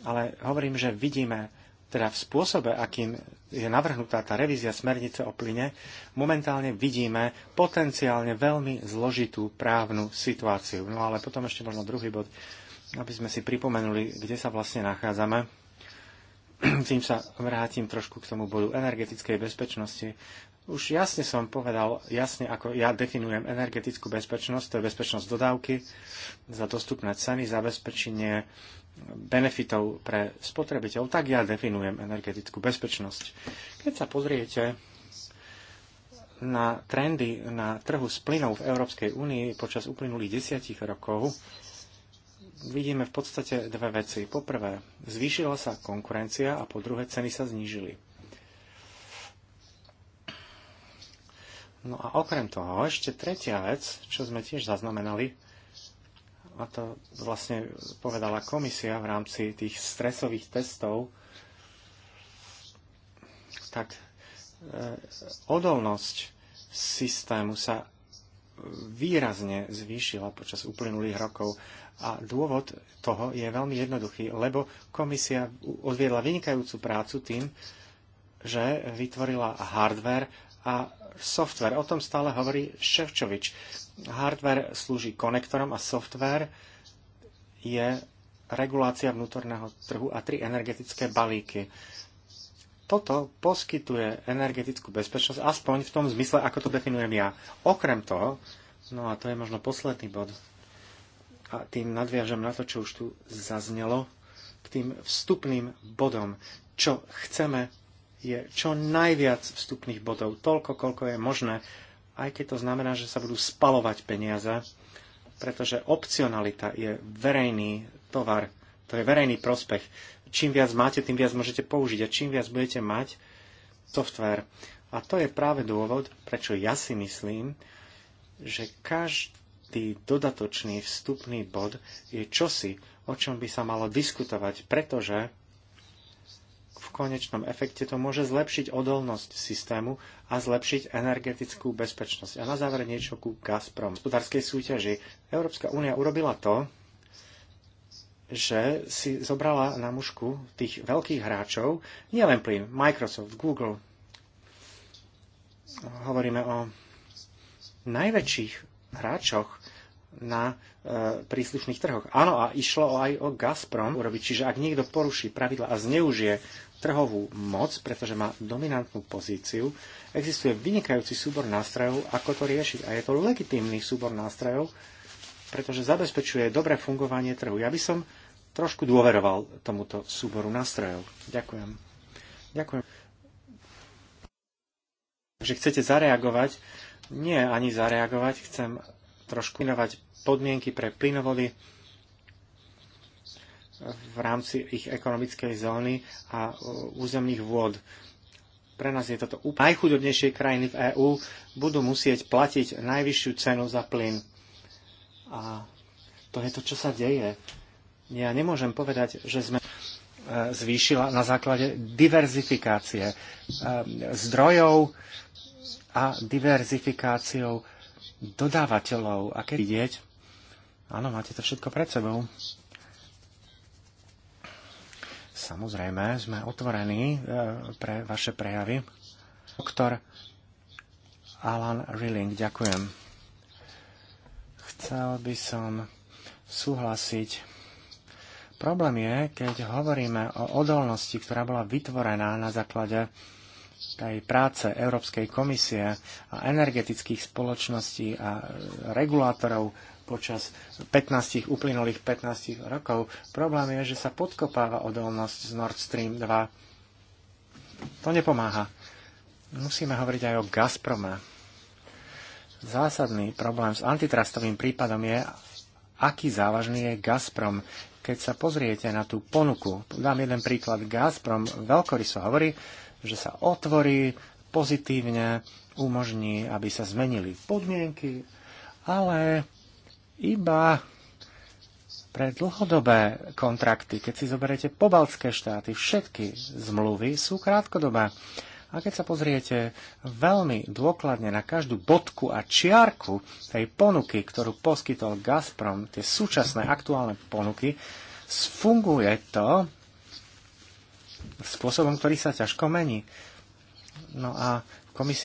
ale hovorím, že vidíme teda v spôsobe, akým je navrhnutá tá revízia smernice o plyne, momentálne vidíme potenciálne veľmi zložitú právnu situáciu. No ale potom ešte možno druhý bod, aby sme si pripomenuli, kde sa vlastne nachádzame. Tým sa vrátim trošku k tomu bodu energetickej bezpečnosti. Už jasne som povedal, jasne ako ja definujem energetickú bezpečnosť, to je bezpečnosť dodávky za dostupné ceny, zabezpečenie benefitov pre spotrebiteľov, tak ja definujem energetickú bezpečnosť. Keď sa pozriete na trendy na trhu s plynou v Európskej únii počas uplynulých desiatich rokov, vidíme v podstate dve veci. Poprvé, zvýšila sa konkurencia a po druhé, ceny sa znížili. No a okrem toho ešte tretia vec, čo sme tiež zaznamenali, a to vlastne povedala komisia v rámci tých stresových testov, tak e, odolnosť systému sa výrazne zvýšila počas uplynulých rokov. A dôvod toho je veľmi jednoduchý, lebo komisia odviedla vynikajúcu prácu tým, že vytvorila hardware a software. O tom stále hovorí Ševčovič. Hardware slúži konektorom a software je regulácia vnútorného trhu a tri energetické balíky. Toto poskytuje energetickú bezpečnosť, aspoň v tom zmysle, ako to definujem ja. Okrem toho, no a to je možno posledný bod, a tým nadviažem na to, čo už tu zaznelo, k tým vstupným bodom, čo chceme je čo najviac vstupných bodov, toľko, koľko je možné, aj keď to znamená, že sa budú spalovať peniaze, pretože opcionalita je verejný tovar, to je verejný prospech. Čím viac máte, tým viac môžete použiť a čím viac budete mať software. A to je práve dôvod, prečo ja si myslím, že každý dodatočný vstupný bod je čosi, o čom by sa malo diskutovať, pretože v konečnom efekte to môže zlepšiť odolnosť systému a zlepšiť energetickú bezpečnosť. A na záver niečo ku Gazprom. V hospodárskej súťaži Európska únia urobila to, že si zobrala na mužku tých veľkých hráčov, nielen plyn, Microsoft, Google. Hovoríme o najväčších hráčoch na E, príslušných trhoch. Áno, a išlo aj o Gazprom urobiť, čiže ak niekto poruší pravidla a zneužije trhovú moc, pretože má dominantnú pozíciu, existuje vynikajúci súbor nástrojov, ako to riešiť. A je to legitímny súbor nástrojov, pretože zabezpečuje dobré fungovanie trhu. Ja by som trošku dôveroval tomuto súboru nástrojov. Ďakujem. Ďakujem. Takže chcete zareagovať? Nie, ani zareagovať. Chcem trošku inovať podmienky pre plynovody v rámci ich ekonomickej zóny a e, územných vôd. Pre nás je toto najchudobnejšie krajiny v EÚ budú musieť platiť najvyššiu cenu za plyn. A to je to, čo sa deje. Ja nemôžem povedať, že sme e, zvýšila na základe diverzifikácie e, zdrojov a diverzifikáciou dodávateľov. A keď vidieť, Áno, máte to všetko pred sebou. Samozrejme, sme otvorení e, pre vaše prejavy. Doktor Alan Rilling, ďakujem. Chcel by som súhlasiť. Problém je, keď hovoríme o odolnosti, ktorá bola vytvorená na základe tej práce Európskej komisie a energetických spoločností a regulátorov počas 15, uplynulých 15 rokov. Problém je, že sa podkopáva odolnosť z Nord Stream 2. To nepomáha. Musíme hovoriť aj o Gazprome. Zásadný problém s antitrustovým prípadom je, aký závažný je Gazprom. Keď sa pozriete na tú ponuku, dám jeden príklad. Gazprom veľkoryso hovorí, že sa otvorí pozitívne, umožní, aby sa zmenili podmienky, ale iba pre dlhodobé kontrakty, keď si zoberiete pobaltské štáty, všetky zmluvy sú krátkodobé. A keď sa pozriete veľmi dôkladne na každú bodku a čiarku tej ponuky, ktorú poskytol Gazprom, tie súčasné aktuálne ponuky, funguje to spôsobom, ktorý sa ťažko mení. No a komisia